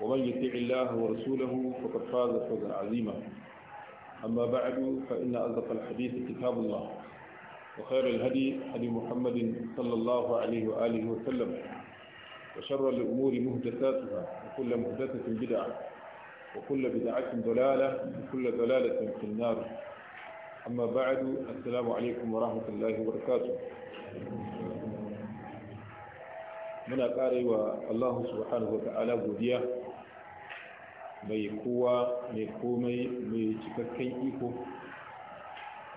ومن يطع الله ورسوله فقد فاز فوزا عظيما أما بعد فإن أصدق الحديث كتاب الله وخير الهدي هدي محمد صلى الله عليه وآله وسلم وشر الأمور مهدساتها وكل مهدسة بدعة وكل بدعة ضلالة وكل ضلالة في النار أما بعد السلام عليكم ورحمة الله وبركاته muna ƙare والله Allah subhanahu wa ta'ala godiya mai kowa mai komai mai cikakken iko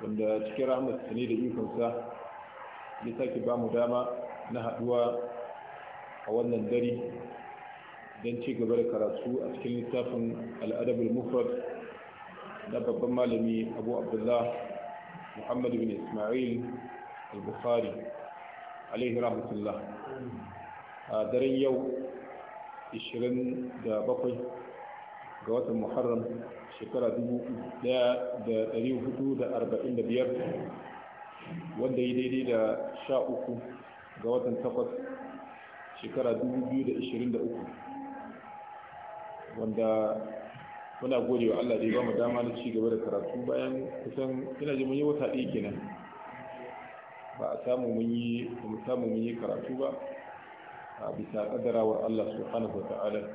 wanda cikin rahmatsa ne da ikonsa ya sake ba mu dama na haduwa a wannan dare don ci gaba da karatu a cikin littafin al'adabul mufrad na babban malami abu abdullah Muhammadu bin ismail al-bukhari alaihi rahmatullah a daren yau 27 ga watan muharram shekara 1445 wanda yi daidai da 13 ga watan 8 shekara 2023 wanda muna gode wa Allah da ya ba mu dama na cigaba da karatu bayan kusan ina ji mun yi wata ɗaya kenan ba a samu mun yi samu mun yi karatu ba a bisa ƙaddarawar Allah subhanahu wa ta'ala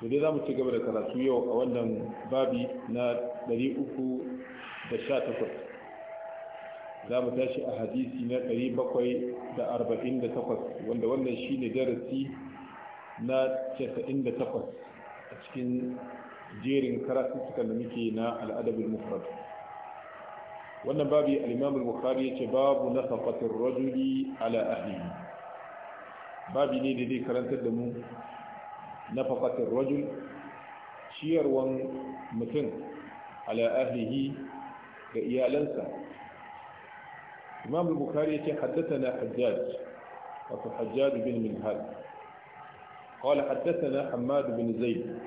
to dai za mu ci gaba da karatu yau a wannan babi na 318 za mu tashi a hadisi na 748 wanda wannan shi ne darasi na 98 a cikin jerin karatuttukan da muke na al'adabin mufrad wannan babi al'imamul bukhari ya ce babu na safatin rajuli ala ahli babi ne da zai karantar da mu نفقة الرجل شير متن على أهله كإيالنسا إمام البخاري حدثنا حجاج وفي حجاج بن منهل قال حدثنا حماد بن زيد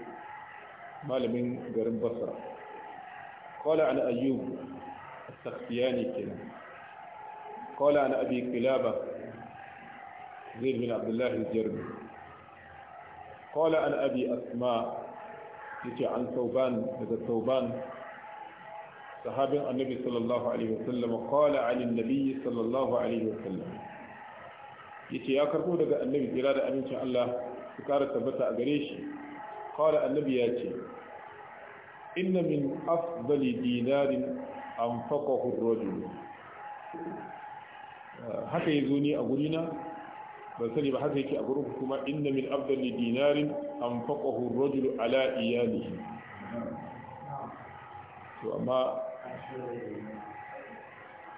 مال من قرن بصرة قال عن أيوب السختياني كنا قال عن أبي قلابة زيد بن عبد الله الجرمي qala an asma yace an sauban daga sauban sahabin annabi sallallahu alaihi wasallam qala an annabi sallallahu alaihi wasallam yace ya karbo daga annabi jira da amincin Allah su kara tabbata a gare shi qala annabi yace inna min afdali dinarin anfaqahu ar-rajul haka yazo ni a gurina ban sani ba haka yake a gurin kuma inna min afdali dinarin anfaqahu ar-rajul ala iyalihi to amma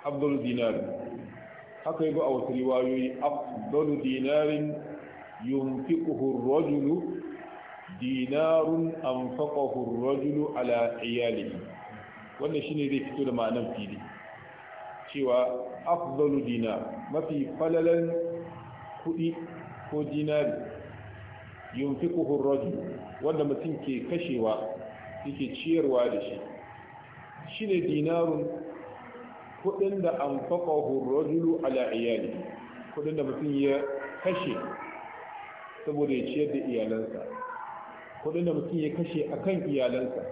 afdalu dinarin haka ba a wasu riwayoyi afdalu dinarin yunfiquhu ar-rajul dinarun anfaqahu ar-rajul ala iyalihi wannan shine zai fito da ma'anar fili cewa afdalu dinar mafi falalan kuɗi ko dinari yunfiquhu ar-rajul wanda mutum ke kashewa yake ciyarwa da shi Shi ne dinarun kuɗin da anfaqahu ar-rajulu ala iyali kuɗin da mutum ya kashe saboda ya ciyar da iyalansa kuɗin da mutum ya kashe a kan iyalansa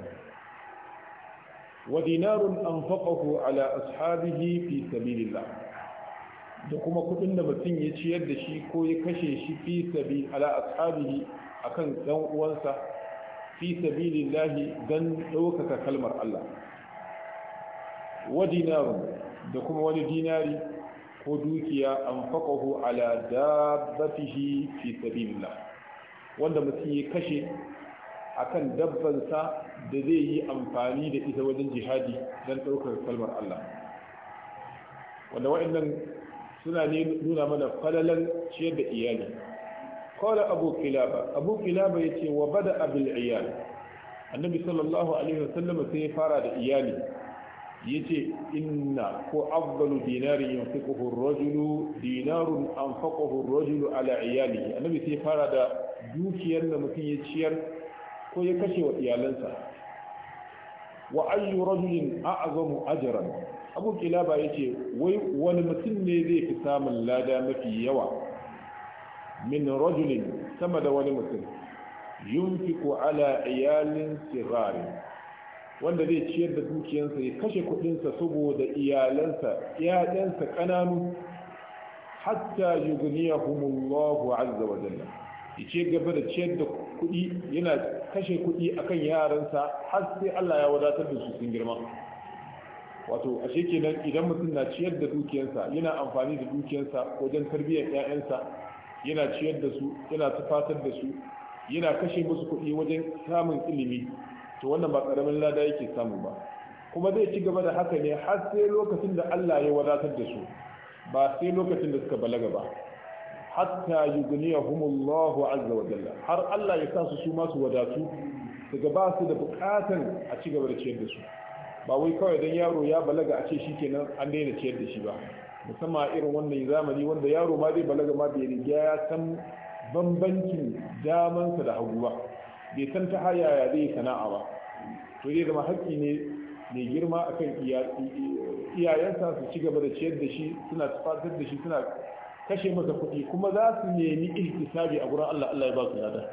wa dinarun an anfaqahu ala ashabihi fi sabilillah da kuma kudin da mutum ya ciyar da shi ko ya kashe shi fi sabi ala ashabihi akan dan uwansa fi sabilillahi dan ɗaukaka kalmar Allah wa da kuma wani dinari ko dukiya an faƙahu ala dabbatihi fi sabilillah wanda mutum ya kashe akan dabbansa da zai yi amfani da ita wajen jihadi don ɗaukar kalmar Allah wanda wa'annan suna nuna mana falalan ciyar da iyali kawai abu kilaba abu kilaba ya ce wa bada abin iyali annabi sallallahu alaihi wasallam sai ya fara da iyali ya ce inna ko afdalu dinari yin fiƙuhun rajulu dinarun an faƙuhun rajulu ala iyali annabi sai ya fara da dukiyar da mutum ya ciyar ko ya kashe wa iyalansa wa ayyu rajulin a'azamu ajran abu kilaba ya ce wai wani mutum ne zai fi samun lada mafi yawa min rajulin sama da wani mutum yunfiku ala iyalin sirari wanda zai ciyar da dukiyarsa ya kashe kudinsa saboda iyalansa yayansa kananu hatta yughniyahumullahu azza wa jalla yace gaba da ciyar da kudi yana kashe kudi akan yaransa har sai Allah ya wadatar da su sun girma wato ashe kenan idan mutum na ciyar da dukiyarsa yana amfani da dukiyarsa wajen tarbiyyar 'ya'yansa yana ciyar da su yana tufatar da su yana kashe musu kuɗi wajen samun ilimi to wannan ba ƙaramin lada yake samu ba kuma zai ci gaba da haka ne har sai lokacin da Allah ya wadatar da su ba sai lokacin da suka balaga ba hatta yughniyahumullahu azza wa jalla har Allah ya sa su su masu wadatu daga ba su da bukatan a ci gaba da ciyar da su ba wai kawai don yaro ya balaga a ce shi kenan an daina ciyar da shi ba musamman irin wannan zamani wanda yaro ma zai balaga ma bai riga ya san bambancin damansa da hagu ba bai san ta hayaya zai sana'a ba to zai zama haƙƙi ne mai girma akan iyayensa su ci gaba da ciyar da shi suna tufatar da shi suna kashe masa kuɗi kuma za su nemi ihtisabi a gurin Allah Allah ya ba su lada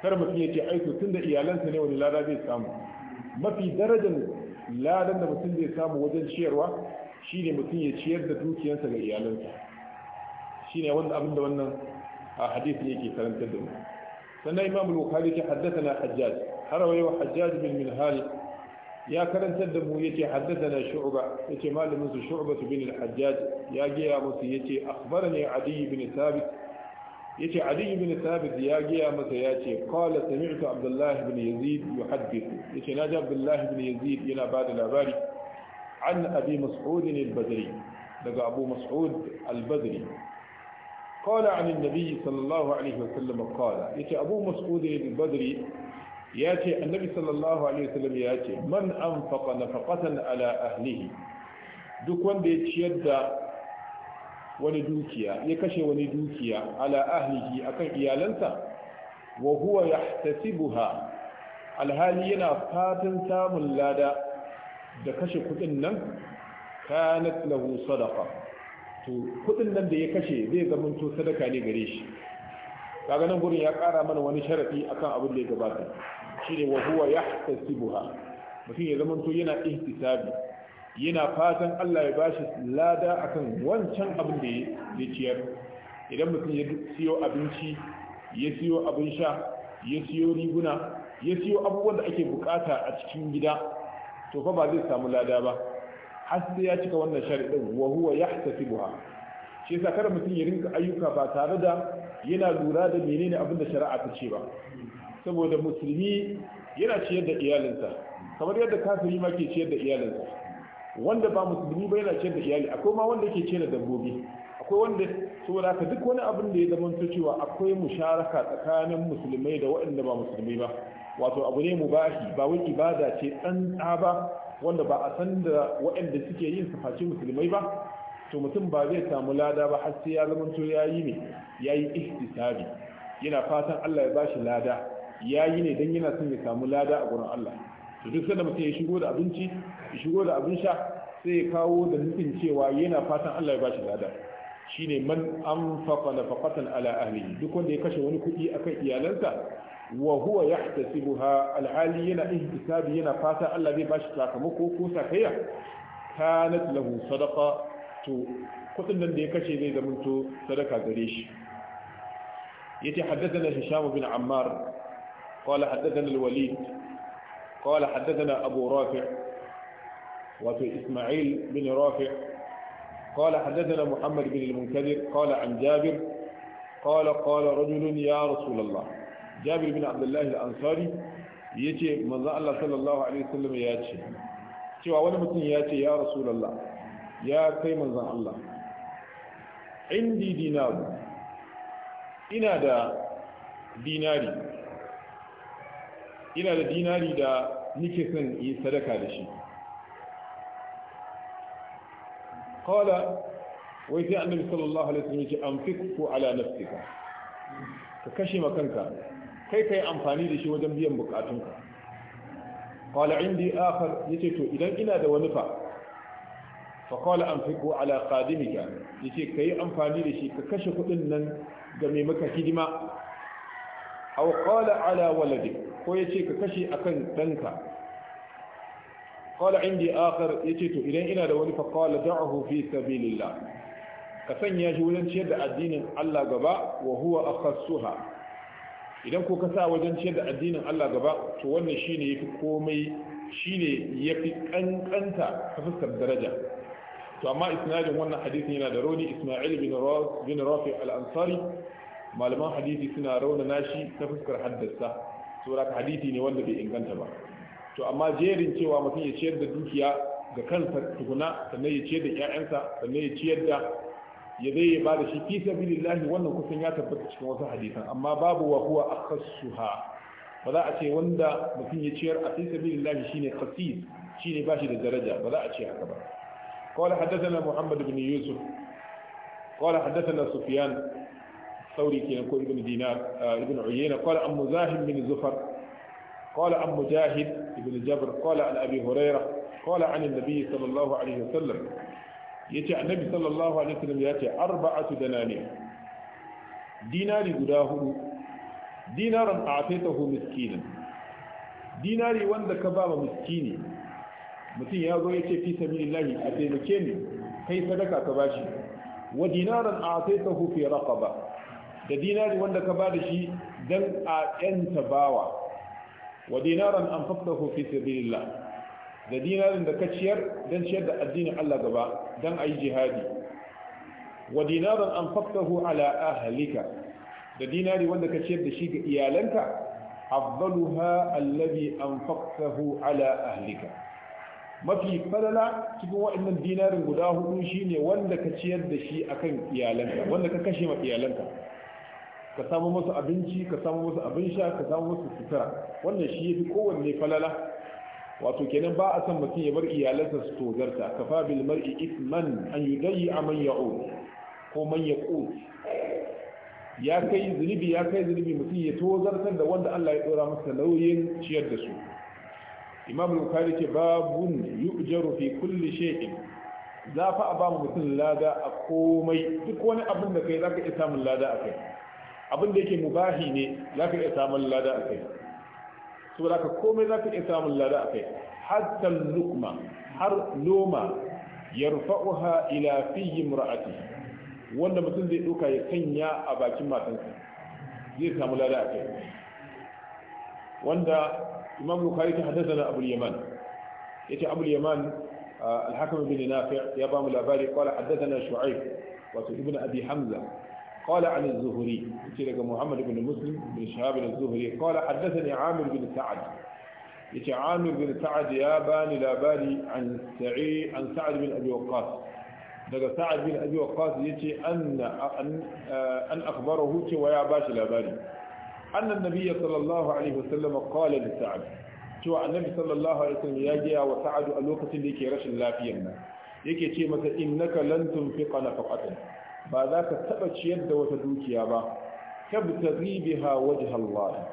kar mutum ya ce aiko da iyalansa ne wani lada zai samu mafi darajar ladan da mutum zai samu wajen ciyarwa shine mutum ya ciyar da dukiyarsa ga iyalansa shine wanda abin da wannan a hadisi yake karantar da mu sannan imam al-bukhari ya haddathana hajjaj har wa hajjaj bin minhal ya karantar da mu yace haddathana shu'ba yace malamin su shu'ba bin al-hajjaj ya gaya musu yace akhbarani adi bin thabit yace ali ibn thabit ya giya masa yace qala sami'tu abdullah ibn yazid yuhaddithu yace naji abdullah ibn yazid yana bada labari an abi mas'ud al-badri daga abu mas'ud al-badri قال عن النبي صلى الله عليه وسلم قال يتي أبو مسعود البدري ياتي النبي صلى الله عليه وسلم ياتي من أنفق نفقة على أهله duk wanda ya ciyar da wani dukiya ya kashe wani dukiya ala ahlihi akan iyalansa wa huwa yahtasibuha alhali yana fatan samun lada da kashe kudin nan kanat lahu sadaqa to kudin nan da ya kashe zai zama to sadaka ne gare shi kaga nan gurin ya kara mana wani sharafi akan abin da ya gabata shine wa huwa yahtasibuha mutum ya zama to yana ihtisabi yana fatan Allah ya bashi lada akan wancan abin da ya ciyar idan mutum ya siyo abinci ya siyo abin sha ya siyo riguna ya siyo abubuwan da ake bukata a cikin gida to fa ba zai samu lada ba har sai ya cika wannan sharadin wa huwa yahtasibuha shi yasa kada mutum ya rinka ayyuka ba tare da yana lura da menene abin da shari'a ta ce ba saboda musulmi yana ciyar da iyalinsa kamar yadda kafiri ma ke ciyar da iyalinsa wanda ba musulmi ba yana ciyar da iyali akwai ma wanda yake ciyar dabbobi akwai wanda saboda ka duk wani abin da ya zama cewa akwai musharaka tsakanin musulmai da waɗanda ba musulmai ba wato abu ne mubahi ba wai ibada ce tsantsa ba wanda ba a san da waɗanda suke yin face musulmai ba to mutum ba zai samu lada ba har sai ya zama to yayi ne yayi ihtisabi yana fatan Allah ya bashi lada yayi ne dan yana son ya samu lada a gurin Allah to duk sanda mutum ya shigo da abinci ya shigo da abin sha sai ya kawo da nufin cewa yana fatan Allah ya bashi lada shine man anfaqa nafaqatan ala ahlihi duk wanda ya kashe wani kuɗi akan iyalansa wa huwa yahtasibuha alhali yana ihtisabi yana fata Allah zai bashi sakamako ko sakayya kanat lahu sadaqa to kudin nan da ya kashe zai zama to sadaka gare shi yace haddathana hisham bin ammar qala haddathana alwalid قال حدثنا أبو رافع وفي إسماعيل بن رافع قال حدثنا محمد بن المنكدر قال عن جابر قال قال رجل يا رسول الله جابر بن عبد الله الأنصاري يتي من الله صلى الله عليه وسلم ياتي cewa wani mutum يا ce ya الله ya kai manzan Allah indi dinaru ina da dinari ina da dinari da nike son yi sadaka da shi kawada wai sai annabi sallallahu alaihi wasallam yace anfiq ko ala nafsika ka kashe makanka kai kai amfani da shi wajen biyan bukatunka qala indi akhar yace to idan ina da wani fa fa qala anfiqu ala qadimika yace kai amfani da shi ka kashe kudin nan ga mai maka hidima aw qala ala waladik ko ya ce ka kashe akan ɗanka qala indi ya ce to idan ina da wani fa qala da'ahu fi sabilillah ka sanya shi wajen ciyar da addinin Allah gaba wa huwa idan ko ka sa wajen ciyar da addinin Allah gaba to wannan ya fi komai ya yafi kankanta ta fuskar daraja to amma isnadin wannan hadisin yana da rauni Isma'il bin Rafi bin Rafi al-Ansari malaman hadisi suna raunana shi ta fuskar haddasa saboda hadisi ne wanda bai inganta ba to amma jerin cewa mutum ya ciyar da dukiya ga kansa tukuna sannan ya ciyar da ƴaƴansa sannan ya ciyar da ya zai ya ba da shi fi sabilillahi wannan kusan ya tabbata cikin wasu hadisan amma babu wa huwa akhassuha ba za a ce wanda mutum ya ciyar a fi sabilillahi shine qasis shine bashi da daraja ba za a ce haka ba قال حدثنا محمد بن يوسف قال حدثنا سفيان ثوري كينا كو ابن دينار ابن عيينة قال عن مزاحم بن زفر قال عن مجاهد بن جبر قال عن أبي هريرة قال عن النبي صلى الله عليه وسلم يتي النبي صلى الله عليه وسلم يتي أربعة دنانير ديناري قداه دينارا أعطيته مسكينا ديناري وند كباب مسكيني mutum ya zo ya ce fi sami lillahi a taimake ni kai sadaka ka bashi wa dinaran a sai ta hufe raqaba da dinari wanda ka ba da shi dan a yanta bawa wa dinaran anfaqtahu fi sabilillah da dinarin da ka ciyar dan ciyar da addinin Allah gaba dan yi jihadi wa dinaran anfaqtahu ala ahlika da dinari wanda ka ciyar da shi ga iyalanka afdaluha alladhi anfaqtahu ala ahlika mafi falala cikin waɗannan dinarin guda hudu shine wanda ka ciyar da shi akan iyalanka wanda ka kashe ma iyalanka ka samu masu abinci ka samu masa abin sha ka samu masa sutura wannan shi yafi kowanne falala wato kenan ba a san mutum ya bar iyalansa su tozarta kafa bil mar'i isman an yudayyi man ya'ud ko man yaqut ya kai zunubi ya kai zunubi mutum ya tozartar da wanda Allah ya dora masa lauyin ciyar da su imam bukhari ce babun yu'jaru fi kulli shay'in za fa a ba mutum lada a komai duk wani abin da kai zaka iya samun lada a kai abin da yake mubahi ne za ka iya samun lada a kai so komai za ka iya samun lada a kai hatta lukma har noma yarfa'uha ila fiyi mura'ati wanda mutum zai duka ya sanya a bakin matansa zai samu lada a kai wanda imam bukari ta haddasa na abul yaman yace abul yaman الحكم ah, ya bamu labari بام الأباري قال shu'aib شعيب وابن أبي hamza. قال عن الزهري يتي لك محمد بن مسلم بن شهاب الزهري قال حدثني عامر بن سعد يتي عامر بن سعد يا باني لا باني عن سعيد عن سعد بن أبي وقاص daga sa'ad bin abi waqas yace anna an akhbarahu ce wa ya bashi labari anna nabiy sallallahu alaihi wasallam qala li sa'ad cewa annabi sallallahu alaihi wasallam ya ga wa sa'ad a lokacin da yake rashin lafiyar nan yake ce masa innaka lan tunfiqa nafaqatan ba za ka taɓa ciyar da wata dukiya ba tabtaghi biha wajha Allah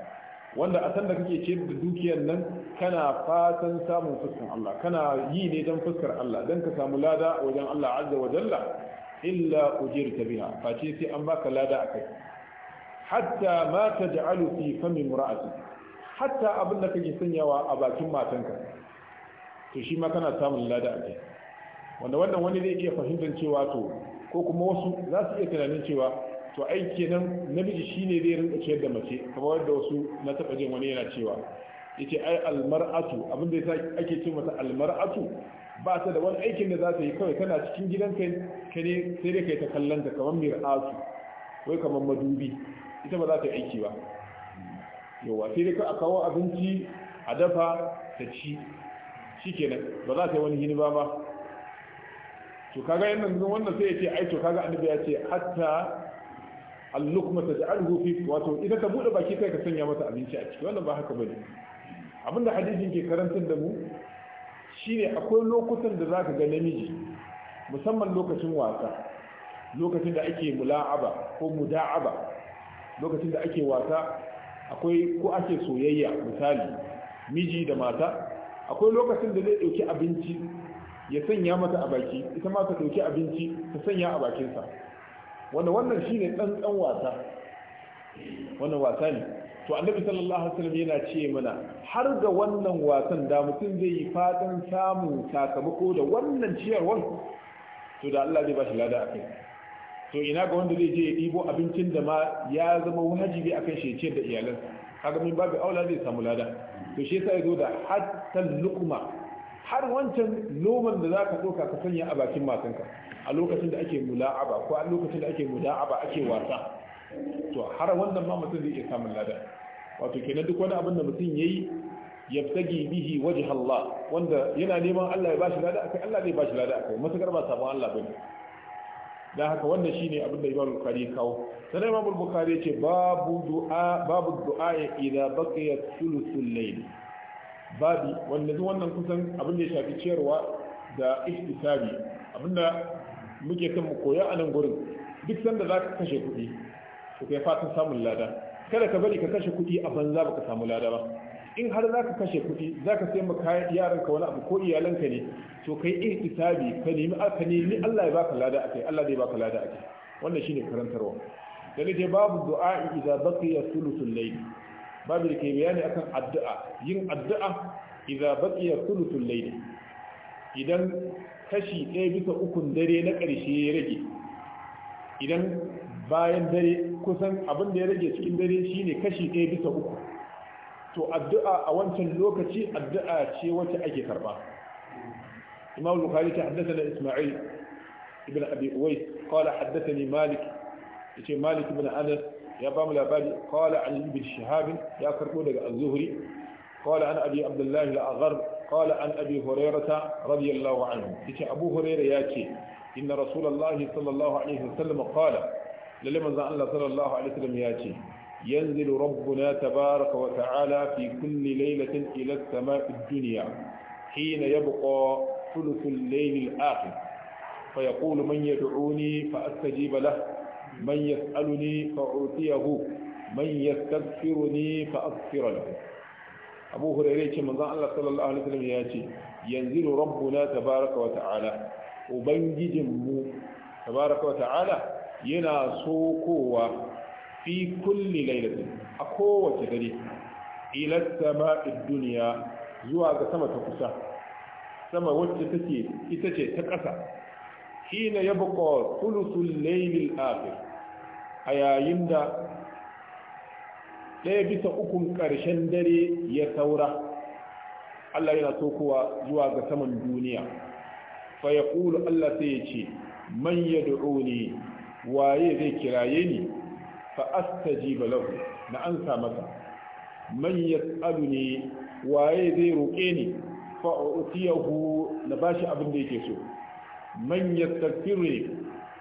wanda a sanda kake ciyar da dukiyar nan kana fatan samun fuskar Allah kana yi ne don fuskar Allah don ka samu lada wajen Allah azza wa jalla illa ujirta biha face sai an baka lada akai hatta ma taj'alu fi fami imra'ati hatta abin da kake sanyawa a bakin matanka to shi ma kana samun lada akai wanda wannan wani zai iya fahimtar cewa to ko kuma wasu za su iya tunanin cewa to ai kenan namiji shine zai rinka ciyar da mace kamar yadda wasu na taɓa jin wani yana cewa yace ai almar'atu abin da yasa ake ce mata almar'atu ba ta da wani aikin da za ta yi kawai Kana cikin gidanka ka ne sai dai kai ta kallon ta kamar mir'atu wai kamar madubi ita ba za ta yi aiki ba yawa sai dai ka a kawo abinci a dafa ta ci shikenan ba za ta yi wani hini ba ba to kaga yannan wannan sai ya ce ai to kaga annabi ya ce hatta al-lukma taj'alhu fi wato idan ka bude baki kai ka sanya masa abinci a ciki wannan ba haka bane abinda hadisin ke karantar da mu shine akwai lokutan da zaka ga namiji musamman lokacin wasa lokacin da ake mula'aba ko muda'aba lokacin da ake wasa akwai ko ake soyayya misali miji da mata akwai lokacin da zai dauki abinci ya sanya mata a baki ita ma ta ɗauki abinci ta sanya a bakinsa wanda wannan shine ɗanɗan wasa wannan wasa ne to annabi sallallahu alaihi wasallam yana ce mana har ga wannan wasan da mutum zai yi fatan samun sakamako da wannan ciyarwar to da Allah zai ba shi lada akai to ina ga wanda zai je ya ɗibo abincin da ma ya zama wajibi akan shi ciyar da iyalansa kaga min babu aula zai samu lada to shi yasa ya zo da hatta lukma har wancan noman da za ka ɗauka ka sanya a bakin matanka a lokacin da ake mula'aba ko a lokacin da ake mula'aba ake wasa to har wannan ma mutum zai iya samun lada wato kenan duk wani abin da mutum yayi yabtagi bihi waje Allah wanda yana neman Allah ya bashi lada akai Allah zai bashi lada akai masu ba sabon Allah bane dan haka wannan shine abin da Imam Bukhari kawo sai Imam Bukhari ya ce babu du'a babu du'a idza baqiya thuluthul layl babi wanda duk wannan kusan abin da ya shafi ciyarwa da ihtisabi abinda muke kan mu koya a nan gurin duk sanda za ka kashe kuɗi to kai fatan samun lada kada ka bari ka kashe kuɗi a banza ba ka samu lada ba in har za ka kashe kuɗi za ka sai maka yaranka wani abu ko iyalanka ne to kai ihtisabi ka nemi ka nemi Allah ya baka lada akai Allah zai baka lada akai wannan shine karantarwa dalilin babu du'a idza baqiya thuluthul layl babu da ke bayani akan addu'a yin addu'a idza baqiya thuluthul layl idan kashi ɗaya bisa ukun dare na ƙarshe ya rage idan bayan dare kusan abin da ya rage cikin dare shine kashi ɗaya bisa uku to addu'a a wancan lokaci addu'a ce wacce ake karba imam bukhari ta haddathana isma'il ibn abi uwais qala haddathani malik yace malik ibn anas ya bamu labari qala an ibn ya karbo daga az-zuhri qala an abi abdullah al-aghar qala an abi hurairah radiyallahu anhu yace abu hurairah yace inna rasulullahi sallallahu alaihi wasallam qala lalle manzo Allah sallallahu alaihi wasallam yace ينزل ربنا تبارك وتعالى في كل ليلة إلى السماء الدنيا حين يبقى ثلث الليل الآخر فيقول من يدعوني فأستجيب له man yas'aluni fa utiyahu man yastaghfiruni fa aghfir lahu Abu Hurairah ce manzon Allah sallallahu alaihi wasallam ya ce yanzilu rabbuna tabaraka wa ta'ala ubangijinmu tabaraka wa ta'ala yana sokowa fi kulli lailatin a kowace dare ila sama'i dunya zuwa ga sama ta kusa sama wacce ita ce ta ƙasa hina yabqa thuluthul laylil akhir a yayin da ɗaya bisa ukun ƙarshen dare ya saura Allah yana kuwa zuwa ga saman duniya fa ya ƙulu Allah sai ya ce man ya ne waye zai kiraye ni fa ji lahu na ansa masa man yas'alu ne waye zai roƙe ni fa utiyahu na bashi abin da yake so man ne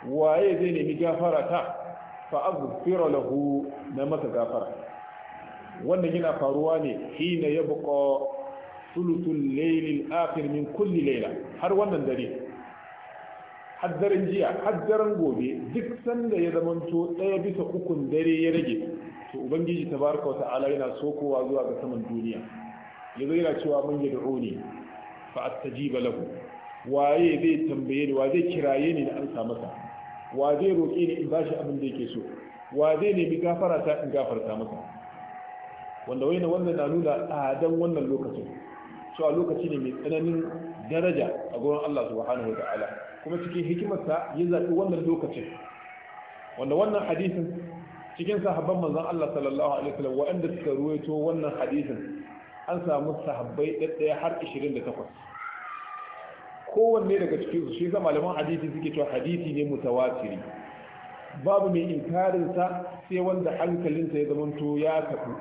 waye zai nemi gafara ta fa aghfira lahu na masa gafara wannan yana faruwa ne hina ya buƙo layl laylin, akhir min kulli layla har wannan dare har jiya har gobe duk sanda ya zamanto ɗaya bisa ukun dare ya rage to ubangiji tabaraka wata'ala yana sokowa zuwa ga saman duniya yanzu yana cewa mun yi da'uni fa astajiba lahu waye zai tambaye ni wa zai kiraye ni da amsa masa wa zai roƙe ni in bashi abin da yake so wa zai nemi gafara ta in gafarta masa wanda wai na wannan na nuna tsadan wannan lokacin a lokaci ne mai tsananin daraja a gurin Allah subhanahu wataala kuma cikin hikimarsa ya zaɓi wannan lokacin wanda wannan hadisin cikin sahabban manzon Allah sallallahu alaihi wasallam waɗanda suka ruwaito wannan hadisin an samu sahabbai ɗaya har 28 kowanne daga cikin su shi ga malaman hadisi suke cewa hadisi ne mutawatiri babu mai inkarin sa sai wanda hankalinsa ya zamanto ya kafu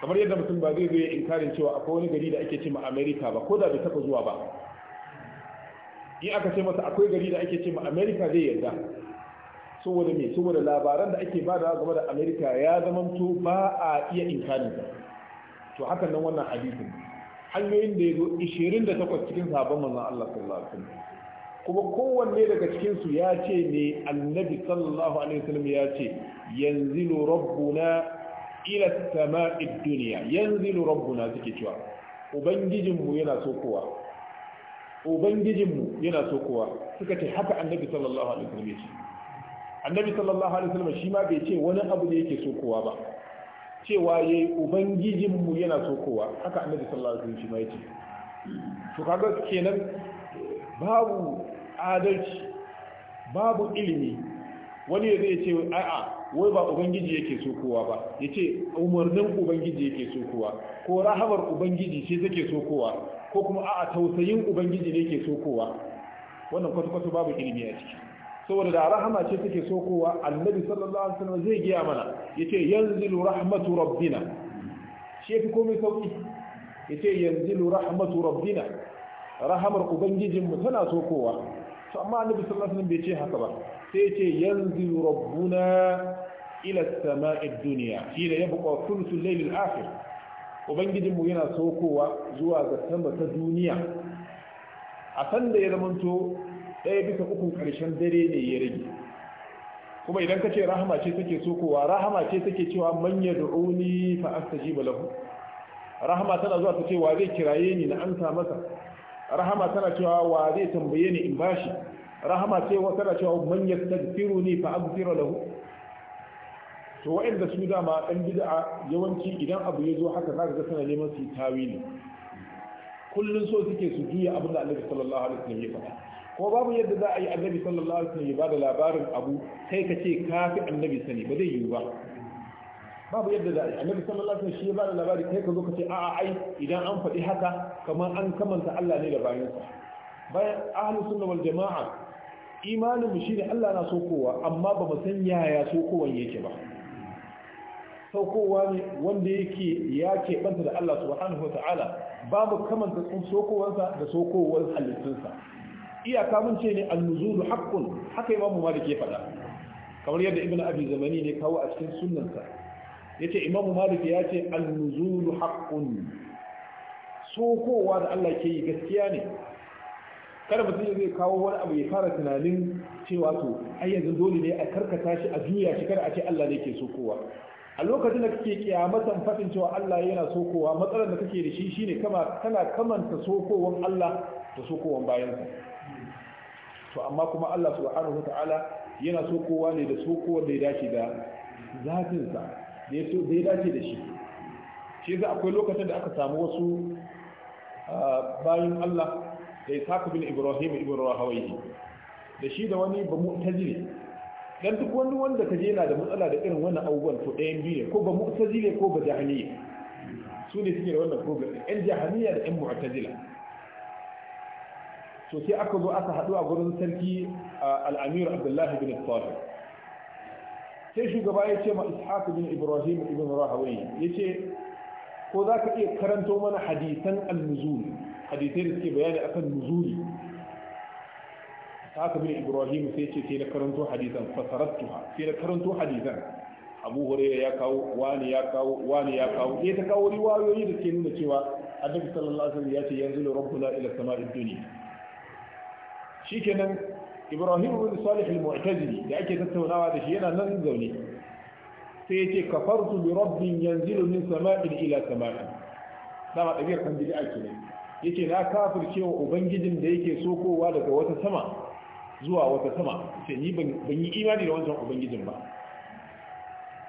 kamar yadda mutum ba zai zai inkarin cewa akwai wani gari da ake ce Amerika America ba ko da bai taba zuwa ba in aka ce masa akwai gari da ake ce Amerika America zai yarda saboda me saboda labaran da ake bada game da America ya zamanto ba a iya inkarin sa to hakan nan wannan hadisin hanyoyin da ya zo 28 cikin sabon manzon Allah sallallahu alaihi wasallam kuma kowanne daga cikin su ya ce ne annabi sallallahu alaihi wasallam ya ce yanzilu rabbuna ila samai dunya yanzilu rabbuna suke cewa ubangijinmu yana sokowa ubangijinmu yana sokowa suka ce haka annabi sallallahu alaihi wasallam ya ce annabi sallallahu alaihi wasallam shi ma bai ce wani abu ne yake sokowa ba cewa ya yi ubangijinmu yana sokowa haka annabi sallallahu alaihi wasallam yace to kaga kenan babu adalci babu ilimi wani ya zai ce a'a wai ba ubangiji yake sokowa ba ya yace umarnin ubangiji yake sokowa ko rahamar ubangiji ce take sokowa ko kuma a'a tausayin ubangiji ne yake sokowa wannan kwata babu ilimi a ciki saboda da rahama ce take sokowa annabi sallallahu alaihi wasallam zai giya mana yace yanzilu rahmatu rabbina shi fi komai sauki yace yanzilu rahmatu rabbina rahamar ubangijin mu tana sokowa to amma annabi sallallahu alaihi wasallam bai ce haka ba sai yace yanzilu rabbuna ila as-sama'i ad-dunya shine yabqa thuluthu al-layl al-akhir ubangijin mu yana sokowa zuwa ga sama ta duniya a sanda ya zamanto ɗaya bisa ukun ƙarshen dare ne ya rage kuma idan ka ce rahama ce take so kowa rahama ce take cewa da yad'uni fa ba lahu rahama tana zuwa ta ce wa zai kiraye ni na amsa masa rahama tana cewa wa zai tambaye ni in bashi rahama ce wa tana cewa man ni fa aghfir lahu to wa'anda su dama gida bid'a yawanci idan abu ya zo haka za zaka ga suna neman su yi tawili Kullum so suke su juya abin da Annabi sallallahu ya faɗa ko babu yadda za a yi annabi sallallahu alaihi wasallam ya bada labarin abu kai ka ce ka fi annabi sani ba zai yiwu ba babu yadda za a yi annabi sallallahu alaihi wasallam shi ya bada labari kai ka zo ka ce a'a ai idan an faɗi haka kamar an kamanta Allah ne da bayansa bayan ahlus sunna wal jama'a imanin mu shine Allah na so kowa amma ba mu san yaya so kowan yake ba saukowa ne wanda yake ya keɓanta da Allah subhanahu wa ta'ala babu kamanta tsokowarsa da sokowar halittunsa iyaka mun ce ne al-nuzul haqqun haka imamu malik ya faɗa kamar yadda ibn abi zamani ne kawo a cikin sunnansa yace imamu malik ya ce al-nuzul haqqun sokowa da Allah ke yi gaskiya ne kada mutum zai kawo wani abu ya fara tunanin cewa to ai yanzu dole ne a karkata shi a juya shi kada a ce Allah ne ke sokowa a lokacin da kake kiyamatan fadin cewa Allah yana sokowa matsalar da kake da shi shine kama kana kamanta sokowan Allah da sokowan bayansa to amma kuma Allah subhanahu wataala yana so kowa ne da so kowa da ya dace da zatinsa da ya so da ya dace da shi shi yasa akwai lokacin da aka samu wasu bayan Allah da Ishaq bin Ibrahim ibn Rahawayhi da shi da wani ba mu'tazili dan duk wani wanda kaje yana da matsala da irin wannan abubuwan to ɗayan biyu ne ko ba mu'tazili ko ba jahiliya su ne suke da wannan problem ɗan jahiliya da ɗan mu'tazila to sai aka zo aka haɗu a gurin sarki al'amir abdullahi bin tsari sai shugaba ya ce ma ishaq bin ibrahim ibn rahawai ya ce ko za ka iya karanto mana hadisan al-nuzul hadisai da suke bayani akan nuzuli ishaq bin ibrahim sai ce sai na karanto hadisan fasarattuha sai na karanto hadisan abu hurairah ya kawo wani ya kawo wani ya kawo ya ta kawo riwayoyi da ke nuna cewa annabi sallallahu alaihi wasallam ya ce yanzu rabbuna ila sama'id dunya shikenan ibrahim ibn salih al-mu'tazili da ake tattaunawa da shi yana nan zaune sai yace kafartu bi rabbin yanzilu min sama'in ila sama'in dama dabiyar kan bid'a ake ne yace na kafircewa ubangijin da yake sokowa daga wata sama zuwa wata sama sai ni ban yi imani da wancan ubangijin ba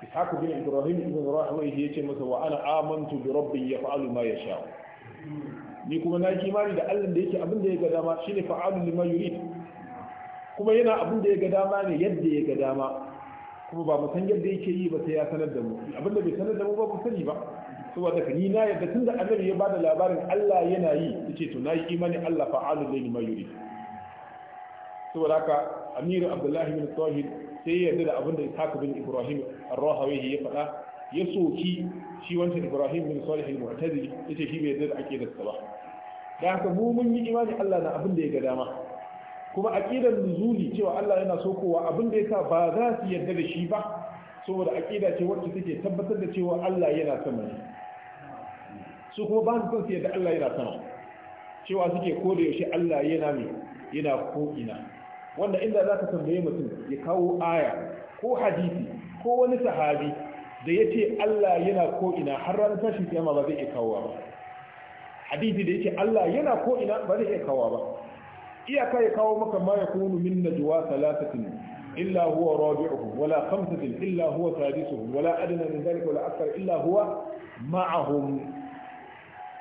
ishaq bin ibrahim ibn rahwayh yace masa wa ana amantu bi rabbin yaf'alu ma yasha ni kuma na kimani da Allah da yake abin da ya ga dama shine fa'alu lima yurid kuma yana abin da ya ga dama ne yadda ya ga dama kuma ba mu san yadda yake yi ba sai ya sanar da mu abin da bai sanar da mu ba mu sani ba saboda ka ni na yadda tun da annabi ya bada labarin Allah yana yi yace to nayi imani Allah fa'alu lima yurid saboda haka Amir Abdullahi bin Tawhid sai ya yarda da abin da Ishaq bin Ibrahim Ar-Rahawi ya faɗa ya soki shi wancan Ibrahim bin Salih al-Mu'tazili yace shi bai yarda da aqidarsa ba da haka mu mun yi imani Allah na abin da ya ga dama kuma aqidar nuzuli cewa Allah yana sokowa abin da yasa ba za su yarda da shi ba saboda aqida ce wacce take tabbatar da cewa Allah yana sama ne su kuma ba su san su Allah yana sama cewa suke koda yaushe Allah yana mai yana ko ina wanda inda za ka tambaye mutum ya kawo aya ko hadisi ko wani sahabi da ya ce Allah yana ko ina har ranar tashin ma ba zai iya kawo ba hadisi da ya ce Allah yana ko ina ba zai iya kawo ba iyaka ya kawo maka ma ya yakunu min najwa thalathatin illa huwa rabi'uhum wala khamsatin illa huwa sadisuhum wala adana min dhalika wala akthar illa huwa ma'ahum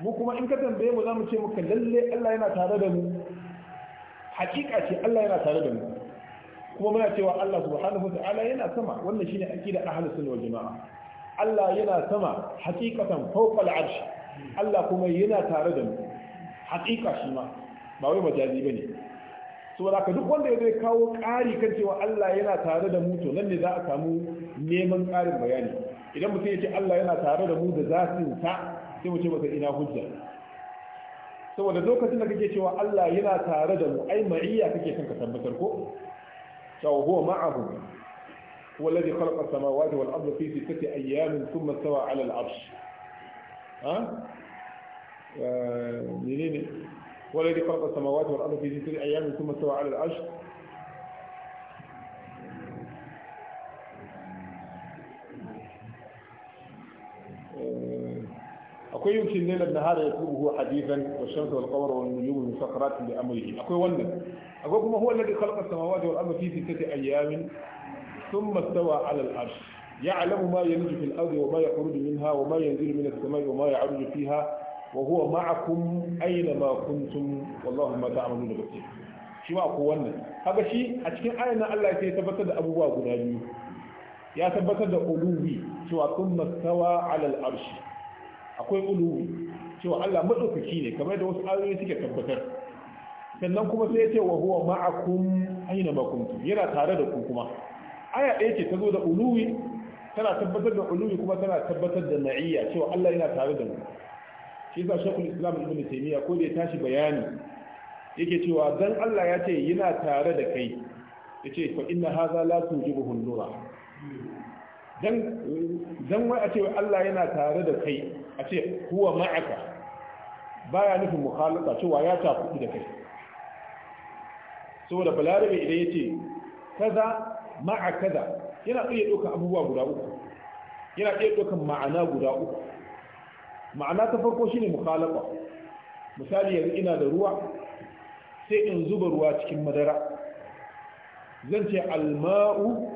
mu kuma in ka tambaye mu zamu ce maka lalle Allah yana tare da mu hakika ce Allah yana tare da mu kuma muna cewa Allah subhanahu wa ta'ala yana sama wannan shine aiki da sunna wal jamaa Allah yana sama haqiqatan fawqa arsh Allah kuma yana tare da mu haqiqa shi ma ba wai majazi bane saboda ka duk wanda zai kawo ƙari kan cewa Allah yana tare da mu to nan ne za a samu neman ƙarin bayani idan mutum ya ce Allah yana tare da mu da zatin sa sai mu ce masa ina hujja saboda lokacin da kake cewa Allah yana tare da mu ai ma'iyya kake son ka tabbatar ko وهو معه هو الذي خلق السماوات والأرض في ستة أيام ثم استوى على العرش ها؟ آه، منين؟ هو الذي خلق السماوات والأرض في ستة أيام ثم استوى على العرش akwai ne da har ya tubuhu hadithan wa shamsu wal qamara wan nujumu min sakarat bi amrihi akwai wannan akwai kuma huwa alladhi khalaqa samawati wal arda fi sittati ayamin thumma stawa 'ala al-'arsh ya'lamu ma fil ardi wa يعلم ما يلج في الأرض وما يخرج منها وما ينزل من السماء وما يعرج فيها وهو معكم أينما كنتم والله ما تعملون بصير shi ma akwai wannan kaga shi a cikin ayan nan Allah ya tabbatar da abubuwa guda biyu ya tabbatar da uluwi cewa kun mastawa al arsh akwai ulu cewa Allah maɗaukaki ne kamar da wasu ayoyi suke tabbatar sannan kuma sai ya ce wa huwa ma'akum aina ma yana tare da ku kuma aya ɗaya ce ta zo da uluwi tana tabbatar da uluwi kuma tana tabbatar da na'iyya cewa Allah yana tare da mu shi yasa shekul islam ibn taymiya ko da ya tashi bayani yake cewa dan Allah ya ce yana tare da kai yace fa inna hadha la tujibu hundura dan wai a ce Allah yana tare da kai a ce huwa ma'aka baya nufin mukhalata cewa ya tafi da kai saboda balarabe idan yace kaza ma'a kaza yana iya ɗaukar abubuwa guda uku yana iya ɗaukar ma'ana guda uku ma'ana ta farko shine mukhalafa misali yanzu ina da ruwa sai in zuba ruwa cikin madara zan ce alma'u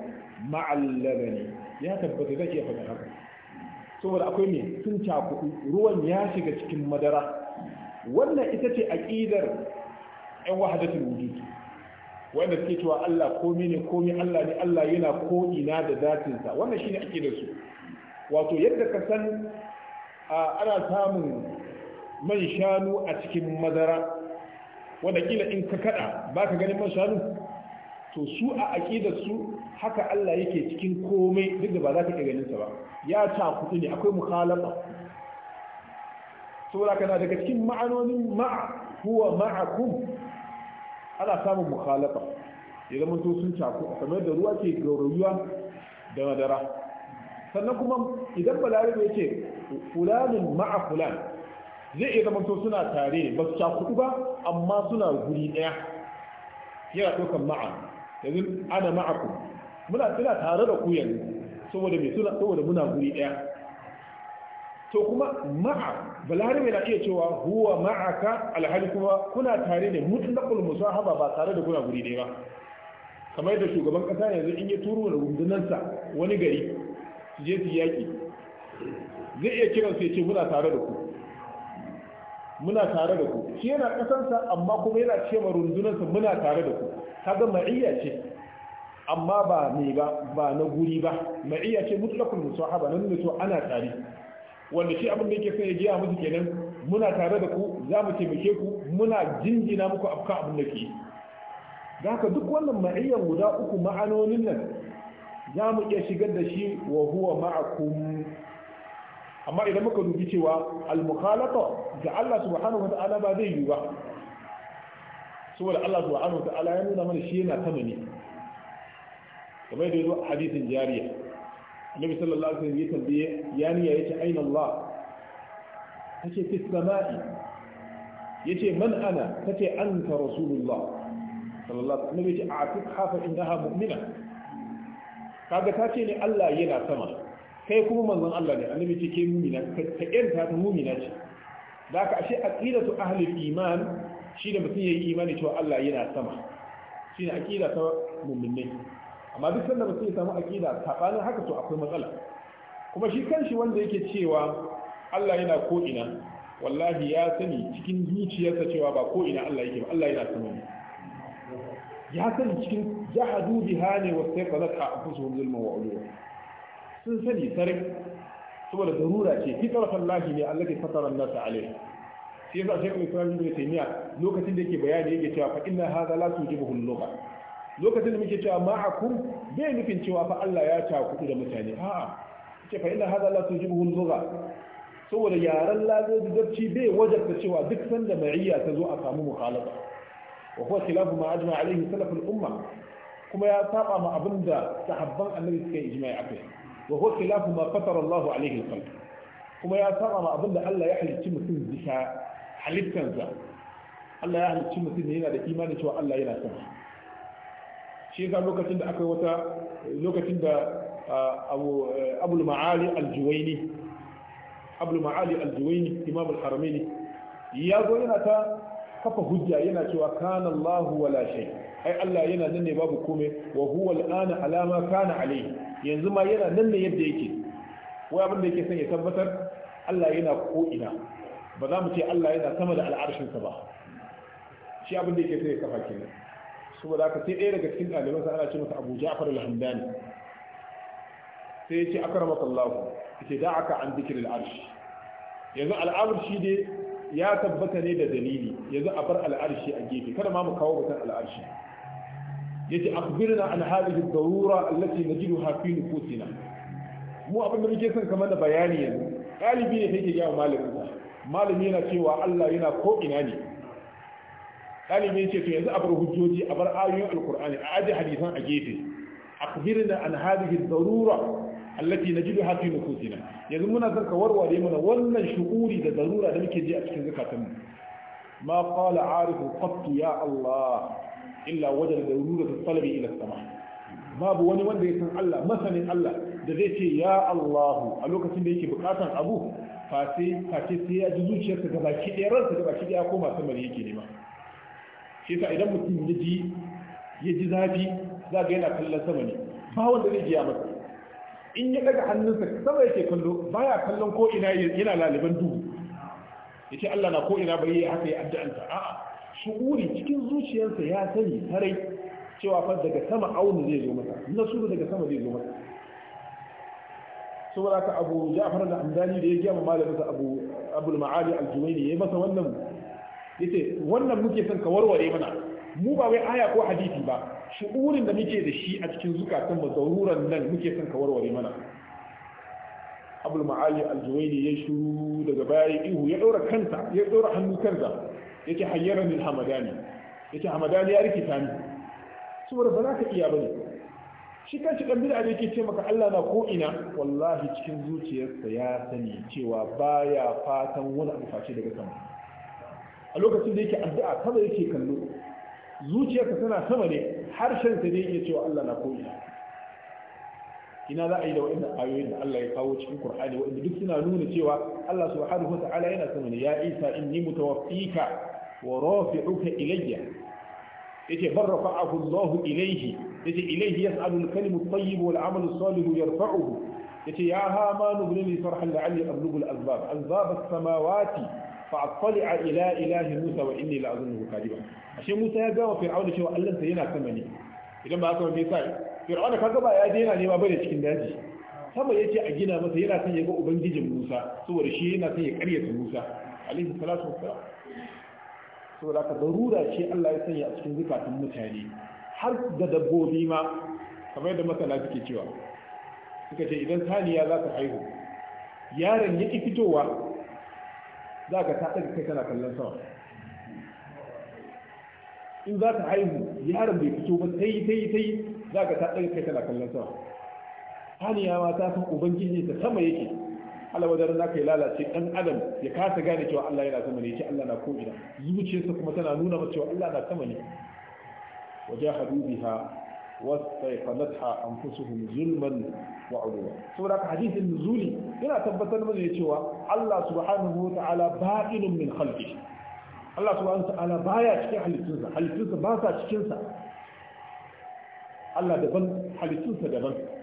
ma'allabani ya tabbata zai iya faɗin haka saboda akwai ne sun cakuɗu ruwan ya shiga cikin madara wannan ita ce aƙidar 'yan wahadatul wujud wanda suke cewa Allah komi ne komi Allah ne Allah yana ko'ina da zatinsa wannan shine aƙidar su wato yadda ka san ana samun man shanu a cikin madara wanda kila in ka kada baka ganin man shanu to su a su haka Allah yake cikin komai duk da ba za ka iya ganin sa ba ya ta kudu ne akwai mukhalafa saboda kana daga cikin ma'anonin ma'a huwa ma'akum ana samun mukhalafa ya zama to sun taku kamar da ruwa ke gaurayuwa da madara sannan kuma idan balarabe ya ce fulanin ma'a fulan zai iya zama to suna tare ba su cakudu ba amma suna guri ɗaya yana ɗaukar ma'a yanzu ana ma'aku muna tana tare da ku yanzu saboda mai suna saboda muna guri ɗaya. to kuma ma'a mai na iya cewa huwa ma'aka alhali kuma kuna tare ne mutlaqul musahaba ba tare da kuna guri ɗaya ba kamar yadda shugaban ƙasa yanzu in ya turo da rundunansa wani gari su je su yaki zai iya kiransu ya ce muna tare da ku muna tare da ku shi yana kasansa amma kuma yana ce ma rundunarsa muna tare da ku kaga ma'iyya ce amma ba ne ba ba na guri ba ma'iyya ce mutlaqul musahaba nan ne to ana tare wanda shi abin da yake son ya a musu kenan muna tare da ku za mu taimake ku muna jinjina muku afka abin da ke haka duk wannan ma'iyyan guda uku ma'anonin nan za mu iya shigar da shi wa huwa ma'akum amma idan muka dubi cewa al-mukhalata ga Allah subhanahu wa ta'ala ba zai yi ba saboda Allah subhanahu wa ta'ala ya nuna mana shi yana sama ne kamar da yazo hadisin jariya annabi sallallahu alaihi wasallam ya tambaye yani ya yace aina Allah tace fi samai yace man ana tace anta rasulullah sallallahu alaihi wasallam yace a'tik hafa innaha mu'mina kaga tace ne Allah yana sama kai kuma manzon Allah ne annabi ce ke mumina ka irta ta mumina ce da aka ashe aqidatu ahli iman shi da mutum yayi imani cewa Allah yana sama shi ne aqida ta mu'minai amma duk sanda mutum ya samu aqida sabanin haka to akwai matsala kuma shi kanshi wanda yake cewa Allah yana ko ina wallahi ya sani cikin zuciyarsa cewa ba ko ina Allah yake ba Allah yana sama ne ya sani cikin jahadu biha ne wasu ya kazata a fusuhun zulmin wa'uluwa sun sani sarai saboda darura ce fi tarafan lahi ne Allah ke fatara nasa alai sai yasa shekul islam ibn taymiya lokacin da yake bayani yake cewa fa inna hadha la tujibuhu lugha lokacin da muke cewa ma'akum bai nufin cewa fa Allah ya cakudu da mutane a'a ce fa inna hadha la tujibuhu lugha saboda yaran lazoji zarci bai wajabta cewa duk sanda ma'iyya ta zo a samu mukhalafa wa huwa khilafu ma ajma alaihi salaful umma kuma ya saba ma abinda sahabban annabi suka yi ijma'i akai wa huwa khilafu alaihi al kuma ya saba ma abinda Allah ya halicci mutum bisa halittansa Allah ya halicci mutum ne yana da imani cewa Allah yana sama shi yasa lokacin da aka yi wata lokacin ah, haramaini ya zo yana ta kafa hujja yana cewa kana Allah ai Allah yana nan ne babu komai wa ana kana yanzu ma yana nan ne yadda yake wai abin da yake son ya tabbatar Allah yana ko ina ba za mu ce Allah yana sama da al'arshinsa ba shi abin da yake son ya kafa kenan saboda haka sai ɗaya daga cikin ɗaliban sa ana ce masa Abu Ja'far al-Hamdani sai ya ce akramaka Allah yace da'aka an dhikr al-arsh yanzu al-arshi dai ya tabbata ne da dalili yanzu a bar al'arshi a gefe kada ma mu kawo mutan al'arshi yace akhbirna an hadhihi ad-darura allati najiduha fi nufusina mu abin da muke son kamar da bayani yanzu ɗalibi ne take gaya malamin sa malami yana cewa Allah yana ko ina ne ɗalibi ya ce to yanzu a bar hujjoji a bar ayoyin alkur'ani a aje hadisan a gefe akhbirna an hadhihi ad-darura allati najiduha fi nufusina yanzu muna son ka warware mana wannan shu'uri da darura da muke ji a cikin zakatanmu ma qala arifu qattu ya Allah illa wajen da rura talabi ila sama babu wani wanda ya san Allah masanin Allah da zai ce ya Allah a lokacin da yake bukatan abu fa sai sai ya ji zuciyarsa gaba ki ɗaya ransa gaba ki ɗaya ko masu mali yake nema shi yasa idan mutum ya ji ya ji zafi za ga yana kallon sama ne ba wanda zai jiya masa in ya daga hannunsa sama yake kallo baya kallon ko ina yana laliban duhu yace Allah na ko ina bai yi haka ya addu'anta a'a shuuri cikin zuciyarsa ya sani tarai cewa fa daga sama auni zai zo masa su daga sama zai zo masa saboda ka abu ja'far da amdani da ya gama malamin sa abu abul ma'ali al-jumaini yayi masa wannan yace wannan muke son ka warware mana mu ba wai aya ko hadisi ba shu'urin da muke da shi a cikin zukatan mu zaruran nan muke son ka warware mana abul ma'ali al-juwaini ya shuru daga baya ihu ya daura kanta ya daura hannu kanta yake hayyara min hamadani yake hamadani ya rikita ni saboda ba za ka iya bane shi kanshi dan bid'a da yake ce maka Allah na ko ina wallahi cikin zuciyarsa ya sani cewa baya fatan wani abu face daga sama a lokacin da yake addu'a sama yake kallo zuciyarsa tana sama ne harshen sa ne yake cewa Allah na ko ina ina za a yi da waɗannan ayoyin da Allah ya kawo cikin Qur'ani waɗanda duk suna nuna cewa Allah subhanahu wa ta'ala yana sama ne ya Isa inni mutawaffika wa rafi'uka ilayya yace bar rafa'ahu ilaihi. ilayhi yace ilayhi yas'alu al-kalimu at-tayyib wal 'amalu as-salihu yarfa'uhu yace ya hamanu ibn li farhan la'alli ablugu al-azbab azbab as-samawati fa'attali'a ila ilahi Musa wa inni la'azunnuhu kadiba ashe Musa ya gawa Fir'auna cewa Allah yana sama ne idan ba haka ba me kaga ba ya daina ne ba da cikin daji sama yace a gina masa yana son ya ga ubangijin Musa saboda shi yana son ya karyata Musa alaihi salatu wassalam to da ka darura ce Allah ya sanya a cikin zukatan mutane har da dabbobi ma kamar yadda masana suke cewa suka ce idan saniya za ta haihu yaron ya ki fitowa za ka ta ɗaga kai kana kallon sama in za ta haihu yaron bai fito ba sai sai sai za ka ta ɗaga kai kana kallon sama saniya ma ta san ubangiji ta sama yake Allah wajen na ya lalace dan adam ya kasa gane cewa Allah yana sama ne yace Allah na ko ina zuciyarsa kuma tana nuna masa cewa Allah na sama ne wajahadu biha wastaiqanatha anfusuhum zulman wa udwa saboda ka hadisin nuzuli yana tabbatar mana ne cewa Allah subhanahu wa ta'ala ba'inun min khalqihi Allah subhanahu wa ta'ala baya cikin halittunsa halittunsa ba sa cikin sa Allah daban halittunsa daban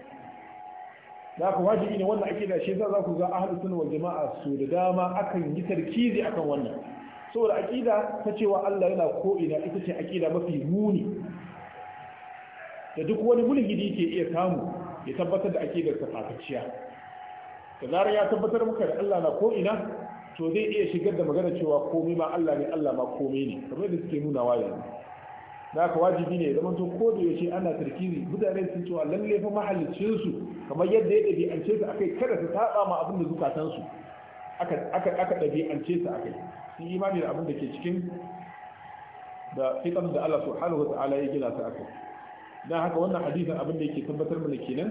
da ku wajibi ne wannan ake shi za ku ga ahlus sunna wal jama'a su da dama akan yi tarkizi akan wannan saboda aqida ta cewa Allah yana ko ina ita ce aqida mafi muni da duk wani mulhidi ke iya samu ya tabbatar da aqidar sa fatacciya da zarar ya tabbatar maka da Allah na ko ina to zai iya shigar da magana cewa komai ma Allah ne Allah ma komai ne kamar da suke nuna wa yanzu da wajibi ne zaman to ko da yace ana tarkizi mutane sun cewa lalle fa mahallicin su kamar yadda ya dabi'ance su akai kada su saba ma abin da zukatan su aka aka aka dabi'ance su akai sun imani da abin da ke cikin da fitan da Allah subhanahu wa ta'ala ya gina su akai dan haka wannan hadisin abin da yake tabbatar mana kenan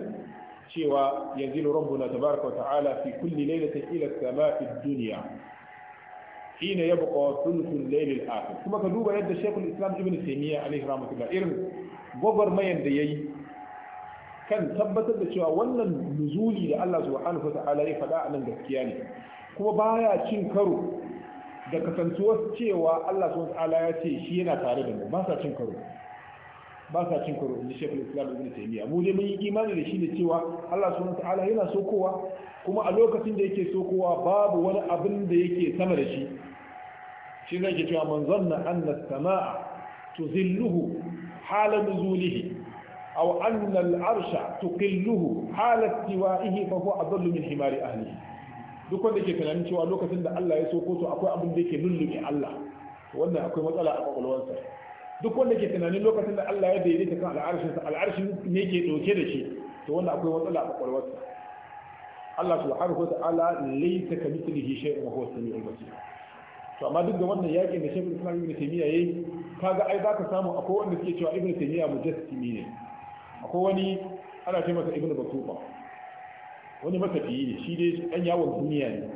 cewa yanzilu rabbuna tabaraka wa ta'ala fi kulli lailatin ila as-sama'i ad-dunya hina yabqa thuluthul layl al-akhir kuma ka duba yadda Sheikhul Islam Ibn Taymiyyah alaihi rahmatullah irin gwagwarmayar da yayi kan tabbatar da cewa wannan nuzuri da Allah subhanahu wata'ala ya faɗa a nan gaskiya ne kuma baya cin karo da cewa Allah subhanahu wata'ala ya ce shi yana tare da mu ba sa cin karo ba sa cin karo inji Sheikhul Islam Ibn mu dai mun yi imani da shi ne cewa Allah subhanahu wata'ala yana sokowa kuma a lokacin da yake sokowa babu wani abin da yake sama da shi shi zai ke cewa man na anna sama'a tuzilluhu hala nuzulihi aw anna al-arsha tuqilluhu hala istiwa'ihi fa a adallu min himari ahlihi duk wanda ke tunanin cewa lokacin da Allah ya so to akwai abin da yake lullube Allah wannan akwai matsala a kwakwalwarsa duk wanda ke tunanin lokacin da Allah ya daidaita kan al'arshinsa al'arshin ne ke ɗauke da shi to wannan akwai matsala a kwakwalwarsa Allah subhanahu wa ta'ala laysa kamithlihi shay'un wa huwa as-sami'ul basir to amma duk da wannan yakin da shekul islam ibn taymiya yayi kaga ai zaka samu akwai wanda suke cewa ibn taymiya mujassimi ne akwai wani ana ce masa ibn batuta wani matafiyi ne shi dai dan yawon duniya ne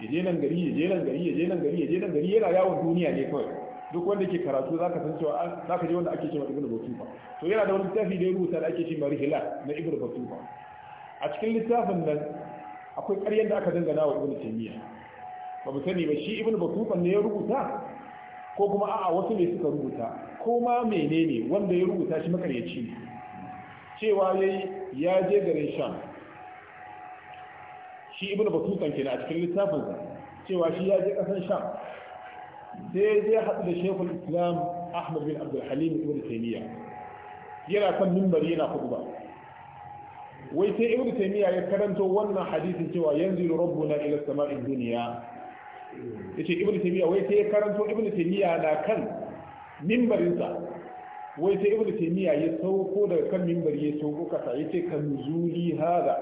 ya je nan gari ya je nan gari ya je nan gari ya je nan gari yana yawon duniya ne kawai duk wanda ke karatu zaka san cewa zaka je wanda ake cewa ibn batuta to yana da wani littafi da ya rubuta da ake cewa rihla na ibn batuta a cikin littafin nan akwai ƙaryar da aka dangana wa ibn taymiya ba mu sani ba shi ibn batutan ne ya rubuta ko kuma a'a wasu ne suka rubuta ko ma menene wanda ya rubuta shi makaryaci ne cewa yayi ya je garin sham shi ibn ke kenan a cikin littafin sa cewa shi ya je kasan sham sai ya haɗu da shekul islam ahmad bin abdul halim ibn taymiya yana kan mimbari yana khutba wai sai ibn taymiya ya karanto wannan hadisin cewa yanzu rabbuna ila sama'id dunya yace Ibn taymiya wai sai ya karanto Ibn taymiya na kan mimbarinsa wai sai Ibn taymiya ya sauko daga kan mimbari ya sauko kasa yace kan zuri hada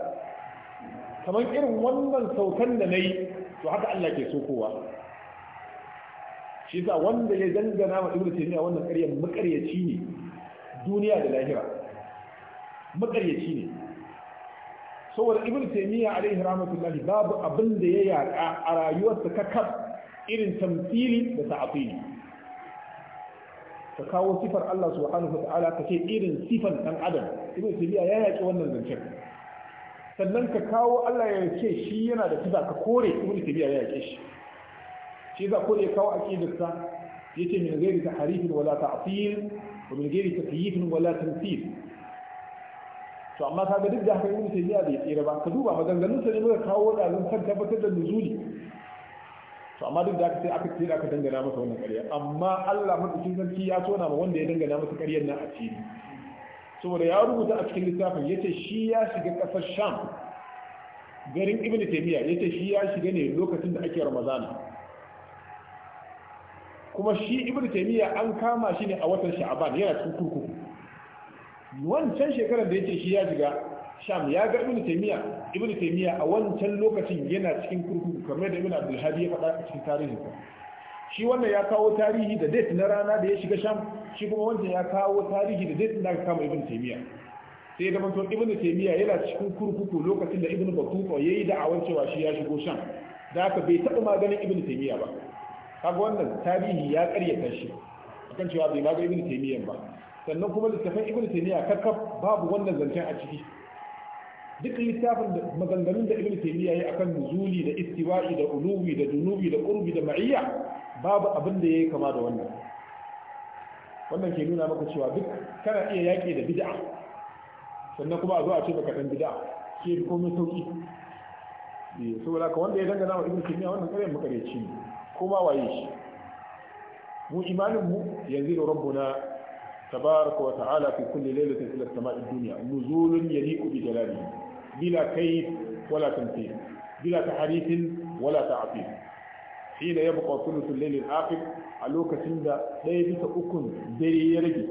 kamar irin wannan saukan da nayi to haka Allah ke sokowa shi yasa wanda ya dangana ma Ibn taymiya wannan ƙaryar makaryaci ne duniya da lahira makaryaci ne saboda ibn taymiya alaihi rahmatullahi babu abin da ya yaɗa a rayuwarsa kakab irin tamthili da ta'atili ka kawo sifar Allah subhanahu wata'ala ka ce irin sifan dan adam ibn taymiya ya yaƙi wannan zancen sannan ka kawo Allah ya ce shi yana da sifa ka kore ibn taymiya ya yake shi shi za ko ya kawo aqidarsa yace min ghairi tahrif wala ta'til wa min ghairi takyif wala tamthil to amma kaga duk da haka ibnu taymiya bai tsira ba ka duba maganganun sa ne muka kawo da zan kan tabbatar da nuzuli to amma duk da haka sai aka tsira aka dangana masa wannan ƙarya amma Allah madaukakin sarki ya tona ma wanda ya dangana masa ƙaryar nan a cikin saboda ya rubuta a cikin littafin yace shi ya shiga ƙasar Sham garin Ibn taymiya yace shi ya shiga ne lokacin da ake Ramadana kuma shi Ibn taymiya an kama shi ne a watan Sha'ban yana cikin kurkuku wancan shekarar da yake shi ya shiga sham ya ga ibnu taymiya ibnu taymiya a wancan lokacin yana cikin kurkuku kamar da ibnu abdul hadi ya faɗa a cikin tarihi shi wannan ya kawo tarihi da date na rana da ya shiga sham shi kuma wancan ya kawo tarihi da date aka kama ibnu taymiya sai da manto ibnu taymiya yana cikin kurkuku lokacin da ibnu batuta yayi da'awar cewa shi ya shigo sham da aka bai taɓa maganin ibnu taymiya ba kaga wannan tarihi ya ƙaryata shi akan cewa bai maganin ibnu taymiya ba sannan kuma littafin ibn taymiya kakkaf babu wannan zancen a ciki duk littafin da maganganun da ibn taymiya yayi akan nuzuli da istiwa'i da uluwi da dunubi da qurbi da ma'iyya babu abin da yayi kama da wannan wannan ke nuna maka cewa duk kana iya yaƙi da bid'a sannan kuma a zo a ce baka dan bid'a ke komai sauki eh, saboda ka wanda ya dangana wa ibn taymiya wannan kare makareci ne ko ma waye shi mu imanin mu yanzu da rabbuna تبارك وتعالى في كل ليلة إلى السماء الدنيا نزول يليق بجلاله بلا كيف ولا تمثيل بلا تحريف ولا تعطيل حين يبقى ثلث الليل الآخر ألوك سند ليبس أكن دري يرجي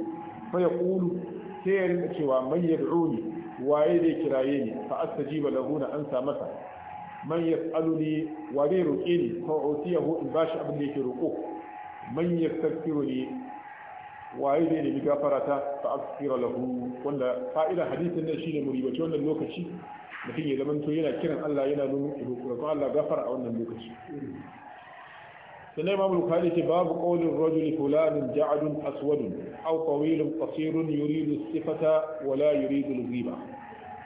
فيقول سير شوى من يدعوني وإذا كرايني فأستجيب له أنسى مثلا من يسألني وذي رقيني فأعطيه إن باش أبن ليك رقوه من يستغفرني waye zai nemi gafara ta fa aghfira lahu wanda fa'ida hadisin nan shine muribaci wannan lokaci mutum ya zamanto yana kiran Allah yana nuna roƙon Allah gafara a wannan lokaci sannan imam bukhari ce babu qawlin rajuli fulanun ja'adun aswadun aw tawilun qasirun yuridu sifata wa la yuridu al-ghiba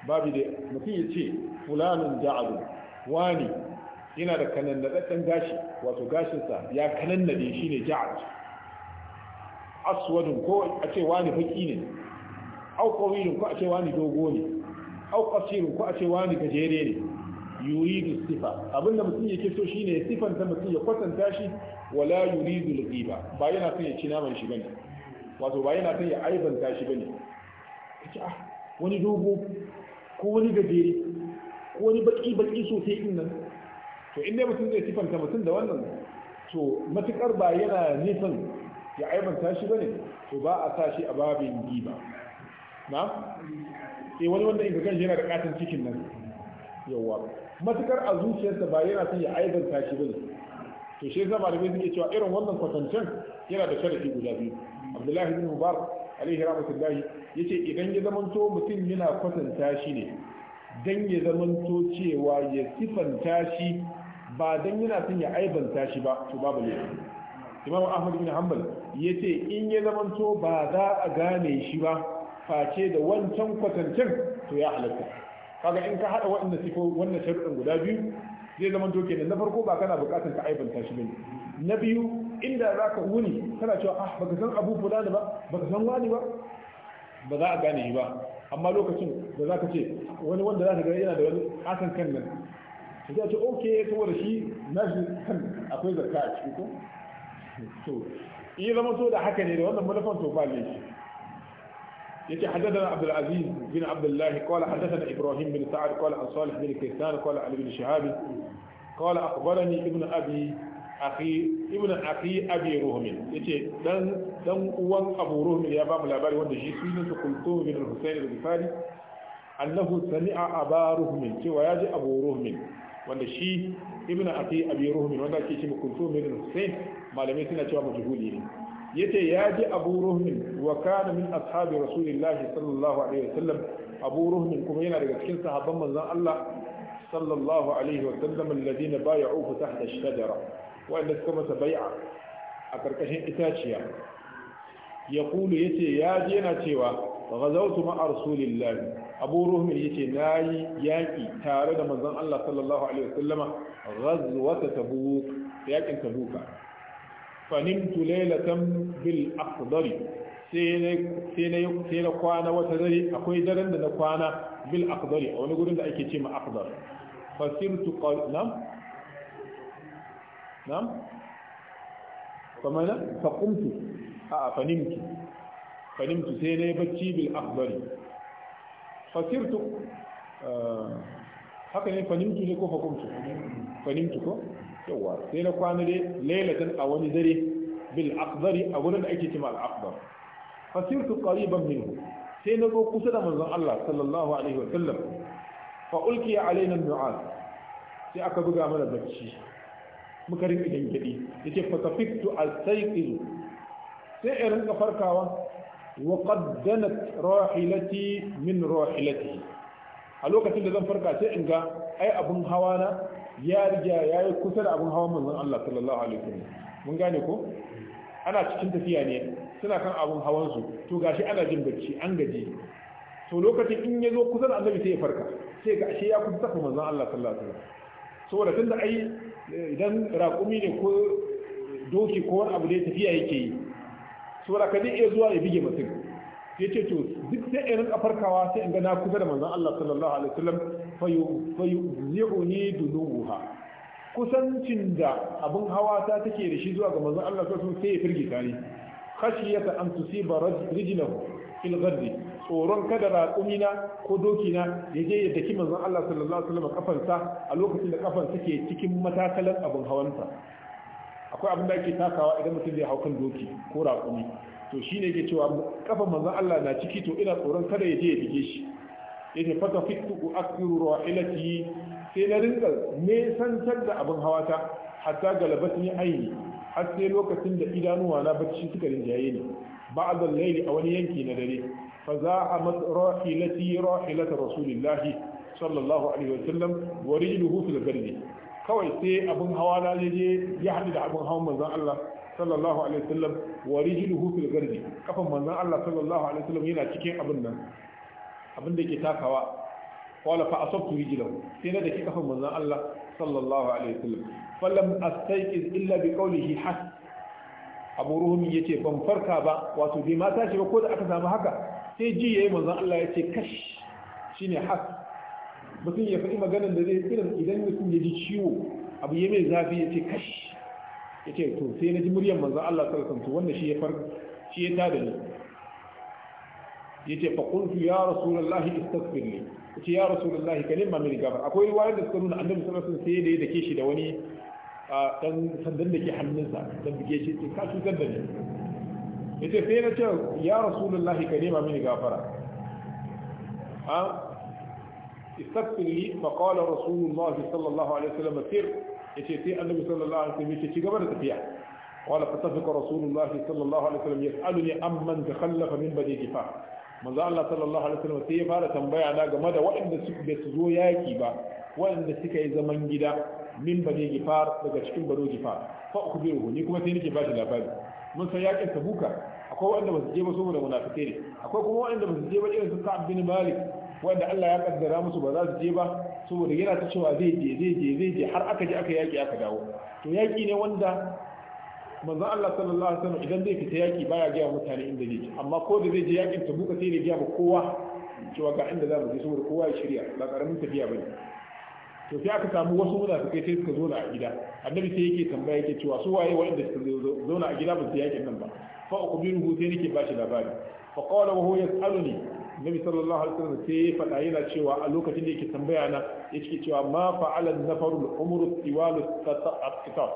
babu da mutum ya ce fulanun ja'adun wani yana da kanannadaddan gashi wato gashinsa ya kanannade ne ja'ad aswadun ko a ce wani faki ne au qawilun ko a ce wani dogo ne au qasirun ko a ce wani gajere ne yuridu sifa abinda mutum yake so shine sifan da mutum ya kwatanta shi wala yuridu al-ghiba ba yana son ya ci naman shi bane wato ba yana son ya aibanta shi bane kace ah wani dogo ko wani gajere ko wani baki baki sosai din nan to in dai mutum zai sifanta mutum da wannan to matukar ba yana nufin ya aibanta shi bane to ba a sa shi a babin giba na eh wani wanda in kan yana da katin cikin nan yawa matukar a zuciyarsa ba yana son ya aibanta shi bane to shi yasa malamai suke cewa irin wannan kwatancen yana da sharafi guda biyu abdullahi bin mubarak alaihi rahmatullahi yace idan ya zamanto mutum yana kwatanta shi ne dan ya zamanto cewa ya sifanta shi ba dan yana son ya aibanta shi ba to babu laifi imam ahmad bin hanbal ya ce in ya zamanto ba za a gane shi ba face da wancan kwatancin to ya halatta kaga in ka haɗa waɗanda sifo wannan sharuɗin guda biyu zai zama doke ne na farko ba kana buƙatar ka aibanta shi bane na biyu inda za ka wuni kana cewa ah baka san abu fulani ba baka san wani ba ba za a gane shi ba amma lokacin da za ka ce wani wanda za ka ga yana da wani asan kan nan ka ce ok saboda shi na shi kan akwai zakka a ciki ko ya zama to da haka ne da wannan manufan to ba laifi يتي حدثنا عبد العزيز بن عبد الله قال حدثنا ابراهيم uwan abu ya ba mu labari wanda shi sunan sa kultum bin husayn al annahu sami'a cewa yaji abu wanda shi akhi abi wanda ake cewa kultum bin husayn malamai suna cewa majhuli ne yace ya ji abu ruhmin wa kana min ashabi rasulillahi sallallahu alaihi wasallam abu ruhmin kuma yana daga cikin sahabban manzon Allah sallallahu alaihi wasallam alladhina bay'uhu tahta ash-shajara wa inda suka masa bai'a a karkashin itaciya Ya yace ya ce ya ji yana cewa ghazawtu ma rasulillahi abu ruhmin na yi yaƙi tare da manzon Allah sallallahu alaihi wasallama ghazwata tabuk yakin tabuka fanimtu lailatan bil akhdari sai na kwana wata dare akwai daren da na kwana bil akhdari a wani gurin da ake ce ma fasirtu nam nam kamar fa qumtu a fanimtu sai na bacci bil eh, haka ne ne ko fa ko yawa sai na kwana dai lailatan a wani dare bil aqdari a wurin da ake cewa al aqdar fasirtu qariban minhu sai na zo kusa da manzon Allah sallallahu alaihi wa sallam fa ulki alaina nu'as sai aka buga mana bacci muka rinka gadi yace fa tafiktu al-sayqin sai irin rinka farkawa wa qaddanat rahilati min rahilati a lokacin da zan farka sai in ga ai abun hawa na ya riga ya yi kusa da abun hawan manzon Allah sallallahu alaihi wasallam mun gane ko ana cikin tafiya ne suna kan abun hawan su to gashi ana jin bacci an gaji to lokacin in ya zo kusa da annabi sai ya farka sai ga shi ya kusa tafi manzon Allah sallallahu alaihi wasallam saboda tunda ai idan raƙumi ne ko doki ko wani abu da ya tafiya yake yi saboda ka zai iya zuwa ya bige mutum yace to duk sai irin rinka sai in ga na kusa da manzon Allah sallallahu alaihi wasallam fayuzi'uni dunuha kusancin da abin hawa ta take da shi zuwa ga manzon Allah sallallahu alaihi wasallam sai ya firgita ni khashiyata an tusiba rijlahu fil ghadri tsoron kada raƙumina ko dokina ya je ya daki manzon Allah sallallahu alaihi wasallam kafansa a lokacin da kafan ke cikin matakalan abin hawansa akwai abin da ake takawa idan mutum zai hau kan doki ko raƙumi to shi ne ke cewa kafa manzan Allah na ciki to ina tsoron kada ya je ya bige shi yace faka fitu akiru ra'ilati sai na rinka nesantar da abin hawata hatta galabatni aini har sai lokacin da idanuwa na bacci suka rinjaye ni ba'd al-layli a wani yanki na dare fa za'amat rahilati rahilat rasulillah sallallahu alaihi wasallam wa rijluhu da garbi. kawai sai abin hawa na je ya haɗu da abin hawan manzan Allah sallallahu alaihi wasallam wa rijluhu fil gardi kafan manzon Allah sallallahu alaihi wasallam yana cikin abin nan abin da yake takawa qala fa asabtu rijlahu sai na dake kafan manzon Allah sallallahu alaihi wasallam falam astayqiz illa bi qawlihi has abu ruhum yace ban farka ba wato bai ma tashi ba ko da aka samu haka sai ji yayi manzon Allah yace kash shine has mutum ya faɗi maganar da zai irin idan mutum ya ji ciwo abu ya mai zafi ya ce kashi yace to sai na ji muryar manzon Allah sallallahu alaihi wasallam wanda shi ya far shi ya tada ni yace fa qultu ya rasulullah istaghfir li yace ya rasulullah kalimma min gafar akwai riwayar da suka nuna annabi sallallahu alaihi wasallam sai da ya shi da wani dan sandan da ke hannunsa dan buge shi ka cutar da ni yace sai na ce ya rasulullah kalimma min gafara ha استغفر لي فقال رسول الله صلى الله عليه وسلم سر yace sai annabi sallallahu alaihi wasallam yace ci gaba da tafiya qala fatafaqa rasulullahi sallallahu alaihi wasallam yas'aluni amman takhallafa min bani kifar manzo Allah sallallahu alaihi wasallam sai ya fara tambaya na game da waɗanda su da su zo yaki ba waɗanda suka yi zaman gida min bani gifar daga cikin bano gifar fa ukhbiruhu ni kuma sai nake ba shi labari mun san yakin tabuka akwai waɗanda ba su je ba saboda munafikai ne akwai kuma waɗanda ba su je ba irin su Ka'ab bin Malik waɗanda Allah ya kaddara musu ba za su je ba saboda yana ta cewa zai je zai je zai je har aka je aka yaki aka dawo to yaki ne wanda manzo Allah sallallahu alaihi wasallam idan zai fita yaki baya ga mutane inda zai je amma ko da zai je yakin Tabuka sai ne ga ba kowa cewa ga inda za mu je saboda kowa ya shirya ba karamin tafiya bane to sai aka samu wasu munafikai sai suka zauna a gida annabi sai yake tambaya yake cewa su waye waɗanda suka zauna a gida ba su yakin nan ba fa uqbiruhu sai nake bashi labari fa qala wa huwa yas'aluni nabi sallallahu alaihi wasallam sai ya faɗa yana cewa a lokacin da yake tambaya na ya yake cewa ma fa'ala nafarul umru tiwalu qatab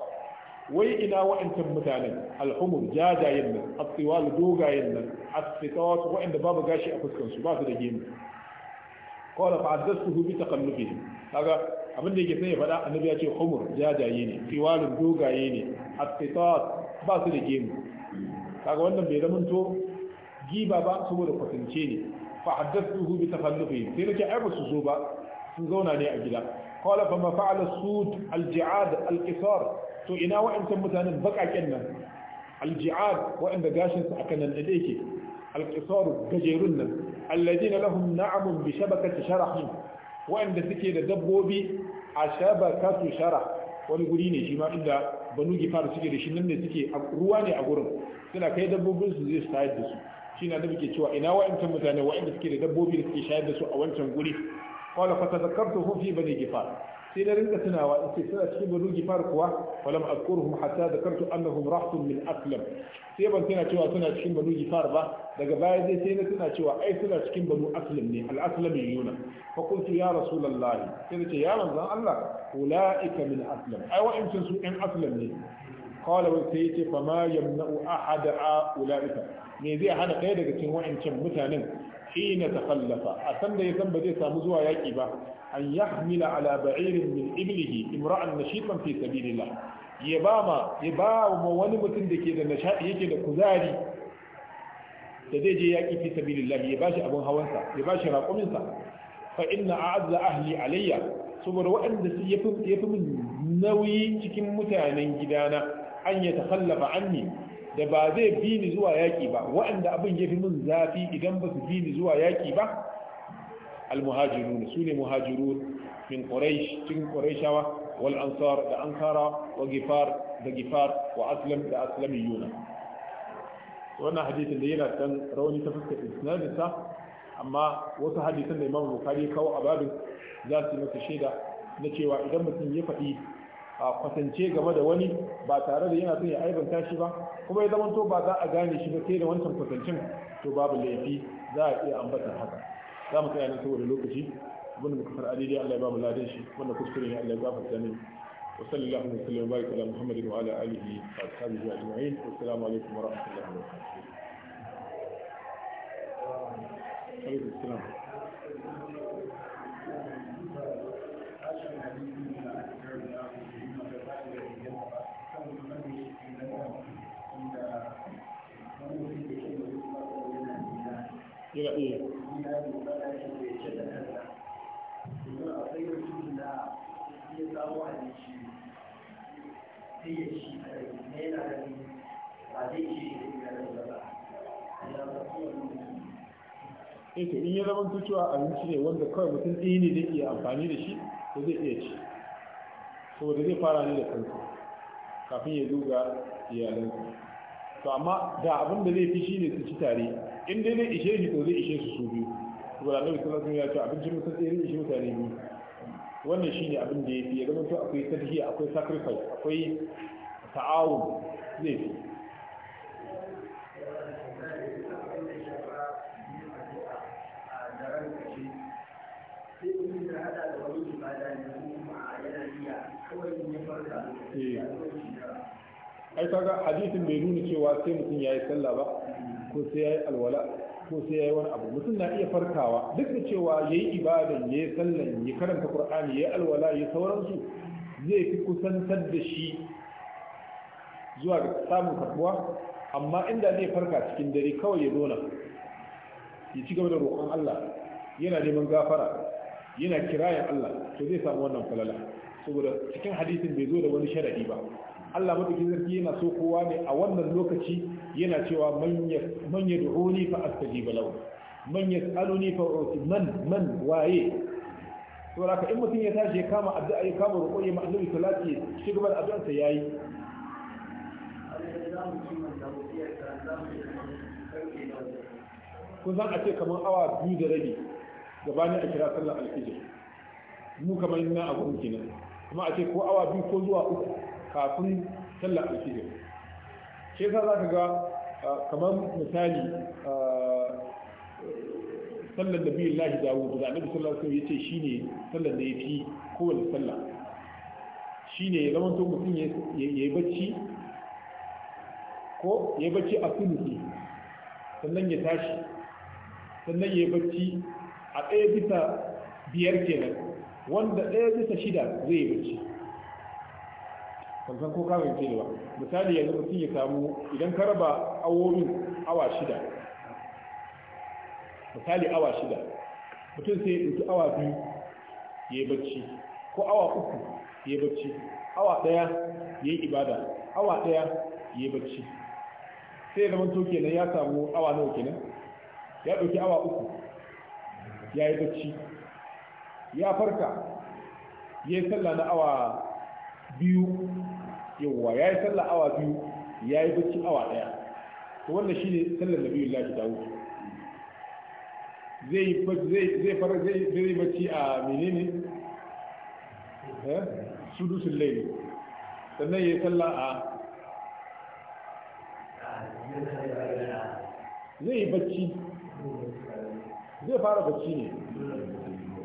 wai ina wa'ancan mutanen al alhumur jajayen nan at atiwal dogayen nan at asfitawat wa'anda babu gashi a fuskan su ba su da gemu qala fa addastuhu bi taqallubihim kaga abin da yake sai ya faɗa annabi ya ce humur jajaye ne tiwal dogaye ne at asfitawat ba su da gemu kaga wannan bai zamanto giba ba saboda kwatance ne fa haddathuhu bi tafalluqi sai nake ai basu zo ba sun zauna ne a gida qala fa ma fa'ala sud al-ji'ad al to ina wa'antan mutanen baƙaƙen nan al-ji'ad wa'anda gashin su ke. nan da yake al-qisar gajerun nan alladina lahum na'amun bi shabakati sharahin wa'anda suke da dabbobi a shabakatu sharah wani guri ne shi inda banu gifar suke da shi nan ne suke ruwa ne a gurin suna kai dabbobin su zai shayar da su shine da muke cewa ina wa'ancan mutane wa'anda suke da dabbobi da suke shayar da su a wancan guri qala fa tadhakkartuhu fi bani gifar sai na rinka tunawa in ce suna cikin bani gifar kuwa falam azkuruhum hatta dhakartu annahum rahtun min aslam sai ban tana cewa suna cikin bani gifar ba daga baya zai sai na tana cewa ai suna cikin bani aslam ne al aslam yuna fa qultu ya rasulullah sai na ce ya manzan Allah ulaika min aslam ai wa'ancan su ɗan aslam ne qala wa sai ce fa ma yamna'u ahada ulaika me zai hana ɗaya daga cikin wa'ancan mutanen hina tafallafa. a san da ya san ba zai samu zuwa yaƙi ba an yahmila ala ba'irin min iblihi imra'an nashitan fi sabilillah ya ba ma ya ba ma wani mutum da ke da nashadi yake da kuzari da zai je yaƙi fi sabilillah ya bashi abun hawansa ya bashi raƙuminsa fa inna a'azza ahli alayya saboda waɗanda su yafi yafi min nauyi cikin mutanen gidana an ya takallafa anni da ba zai bi ni zuwa yaƙi ba waɗanda abin ya fi min zafi idan ba su bi ni zuwa yaƙi ba Almuhajiru su ne muhajirun min quraish cikin quraishawa wal ansar da ankara wa gifar da gifar wa aslam da Yuna. wannan hadisin da yana kan rauni ta fuskar isnadin sa amma wasu hadisan da Imam Bukhari kawo a babin za su masa shaida na cewa idan mutum ya faɗi a kwatance game da wani ba tare da yana son ya aibanta shi ba kuma ya zamanto ba za a gane shi ba sai da wancan kwatancin to babu laifi za a iya ambatan haka za mu tsaya nan saboda lokaci abinda muka fara adidi Allah ya ba mu ladan shi wanda kuskure ne Allah ya gafarta mini wa sallallahu alaihi wa sallam wa ala muhammadin wa ala alihi wa ashabihi ajma'in assalamu alaikum wa rahmatullahi wa barakatuh yana iya Eke eh, in ya zama cewa abinci ne wanda kawai mutum ɗaya ne zai iya amfani da shi ko zai iya ci. Saboda zai fara ne da kansa kafin ya zo ga iyalansa. To amma da abin da zai fi shi ne su ci tare in dai zai ishe shi to zai ishe su su biyu sallallahu alaihi wasallam ya ce mutum zai ishe mutane biyu wannan shine abin da yafi ya zama to akwai akwai sacrifice akwai ta'awun zai fi eh. ai kaga hadisin bai nuna cewa sai mutum ya yi sallah ba ko sai ya yi alwala ko sai ya yi wani abu mutum na iya farkawa duk da cewa ya yi ibadan ya yi sallan ya karanta qur'ani ya yi alwala ya sauransu zai fi kusantar da shi zuwa ga samun karbuwa amma inda zai farka cikin dare kawai ya zona ya ci gaba da roƙon Allah yana neman gafara yana kirayen Allah to zai samu wannan falala saboda cikin hadisin bai zo da wani sharadi ba Allah madaukakin sarki yana so kowa ne a wannan lokaci yana cewa man yad'uni fa astajibu lahu man yas'aluni fa uti man man waye to haka in mutum ya tashi ya kama addu'a ya kama roƙo ya ma'azabi salati shi gaba da addu'arsa yayi Ko zan a ce kamar awa biyu da rabi gabanin a kira sallar alfijir mu kamar na a gurin kenan kuma a ce ko awa biyu ko zuwa uku kafin sallar alfijir shi yasa za ka ga kamar misali sallar da biyu lahi dawo da annabi sallallahu ya ce shi ne sallar da yafi kowace sallah shine ya zama to mutum ya yi bacci ko ya bacci a sunusi sannan ya tashi sannan ya bacci a ɗaya bisa biyar kenan wanda ɗaya bisa shida zai yi bacci ban san ko ka fahimce ni ba misali yanzu mutum ya samu idan ka raba awowin awa shida misali awa shida mutum sai ya awa biyu ya yi bacci ko awa uku ya yi bacci awa ɗaya ya yi ibada awa ɗaya ya yi bacci sai zaman to kenan ya samu awa nawa kenan ya ɗauki awa uku ya yi bacci ya farka ya yi sallah na awa biyu yawa ya yi sallah awa biyu ya yi bacci awa ɗaya to wannan shi ne sallar da biyu lafi dawo zai zai fara zai zai bacci a menene eh sudusul layl sannan ya yi sallah a zai yi bacci zai fara bacci ne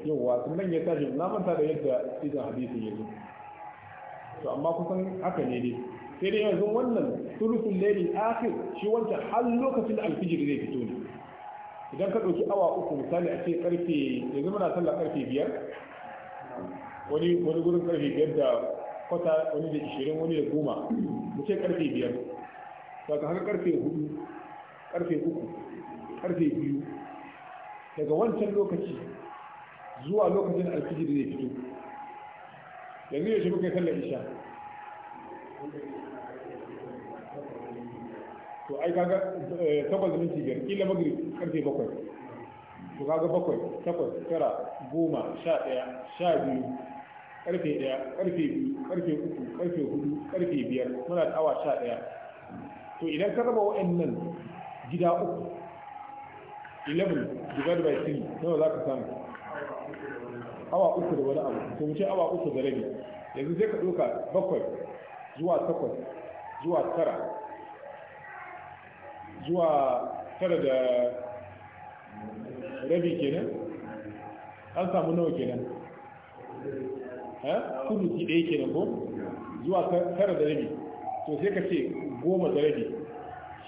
yawa sannan ya tashi na manta da yadda idan hadisin ya zo to amma kusan haka ne dai sai dai yanzu wannan sulusun lailin akhir shi wancan har lokacin da alfijir zai fito ne idan ka ɗauki awa uku misali a ce karfe yanzu muna sallah karfe biyar wani wani gurin karfe biyar da kwata wani da ishirin wani da goma mu ce karfe biyar daga haka karfe hudu karfe uku karfe biyu daga wancan lokaci zuwa lokacin alfijir zai fito yanzu shi kuka sallar isha to ai kaga eh, takwas minti biyar kila magrib karfe bakwai to kaga bakwai takwas tara goma sha ɗaya sha biyu karfe ɗaya karfe biyu karfe uku karfe hudu karfe biyar muna da awa sha ɗaya to idan ka raba wa'annan gida uku 11 divided by 3 nawa za ka samu awa uku da wani abu to wuce awa uku da rabi yanzu sai ka ɗauka bakwai zuwa takwas zuwa tara zuwa tara da rabi kenan an samu nawa kenan ha eh? kudu ki ɗaya kenan ko zuwa tara da rabi to sai ka ce goma da rabi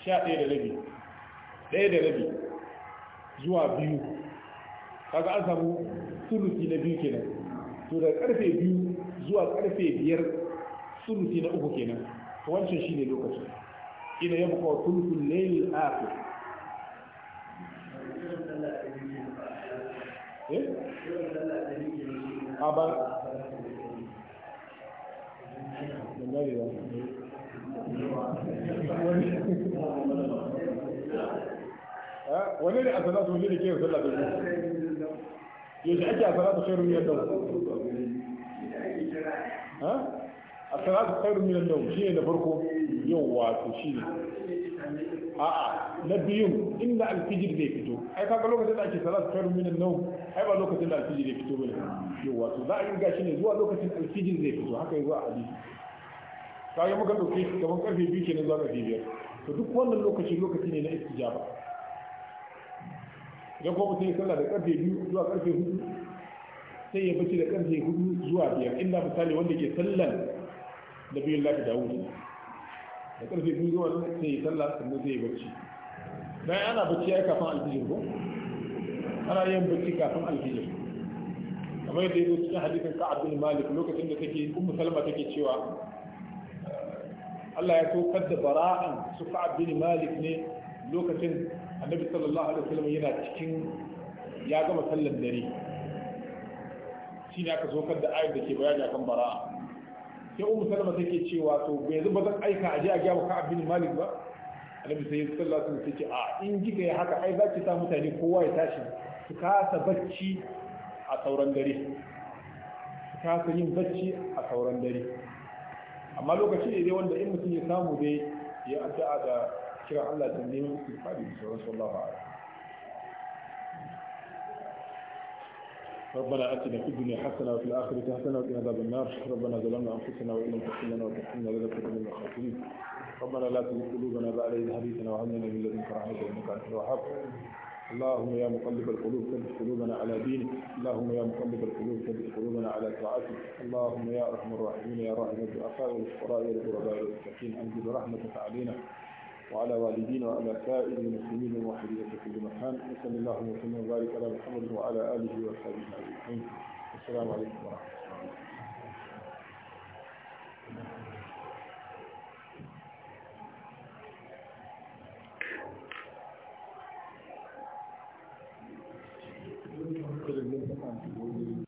sha ɗaya da rabi ɗaya da rabi zuwa biyu kaga an samu sulusi na biyu kenan to daga karfe biyu zuwa karfe biyar sulusi na uku kenan wancan shine lokacin ina yabu kawo sulusun lailin akhir a eh? aba ah, wani ne a salatu wani da ke yin sallah da yanzu ake a salatu khairun min al-nawm ha a salatu khairun min al-nawm shine da farko yawa to shine a'a na biyun inda alfijir zai fito ai ga lokacin da ake salatu khairun min an-nawm ai ba lokacin da alfijir zai fito bane yawa to za a yi gashi ne zuwa lokacin alfijir zai fito haka yazo a hadisi kaga muka dauke shi kaman karfe 2 kenan zuwa karfe 5 to duk wannan lokaci lokaci ne na istijaba idan kuma mutum ya sallah da karfe biyu zuwa karfe hudu sai ya bace da karfe hudu zuwa biyar inda misali wanda ke sallan da biyun lafi da wuce da karfe biyu zuwa sai ya sallah sannan sai ya bacci bayan ana bacci ya kafin alfijir ko ana yin bacci kafin alfijir kamar yadda ya zo cikin hadisin ka'ab bin malik lokacin da take ummu salma take cewa Allah ya tokar da bara'an su ka'ab bin malik ne lokacin annabi sallallahu alaihi wasallam yana cikin ya gama sallar dare shi ne aka sokar da ayat da ke bayani akan bara'a sai ummu salama take cewa to bai zan ba zan aika aje a gaya ka abin malik ba annabi sai sallallahu alaihi wasallam ce a in kika yi haka ai za ki sa mutane kowa ya tashi su kasa bacci a sauran dare su kasa yin bacci a sauran dare amma lokaci ne dai wanda in mutum ya samu dai ya addu'a da kira Allah da neman da sauran ربنا اتنا في الدنيا حسنه وفي الاخره حسنه وقنا عذاب النار ربنا ظلمنا انفسنا وان لم تغفر لنا وترحمنا لنكونن من الخاسرين ربنا لا تزغ قلوبنا بعد اذ هديتنا وهب لنا من لدنك رحمه انك انت الوهاب اللهم يا مقلب القلوب ثبت قلوبنا على دينك اللهم يا مقلب القلوب ثبت قلوبنا على طاعتك اللهم يا ارحم الراحمين يا راحم الضعفاء والفقراء والغرباء والمساكين انزل رحمتك علينا وعلى والدينا وعلى سائر المسلمين الموحدين في كل مكان وصلى اللهم وسلم وبارك على محمد وعلى اله وصحبه اجمعين السلام عليكم ورحمه الله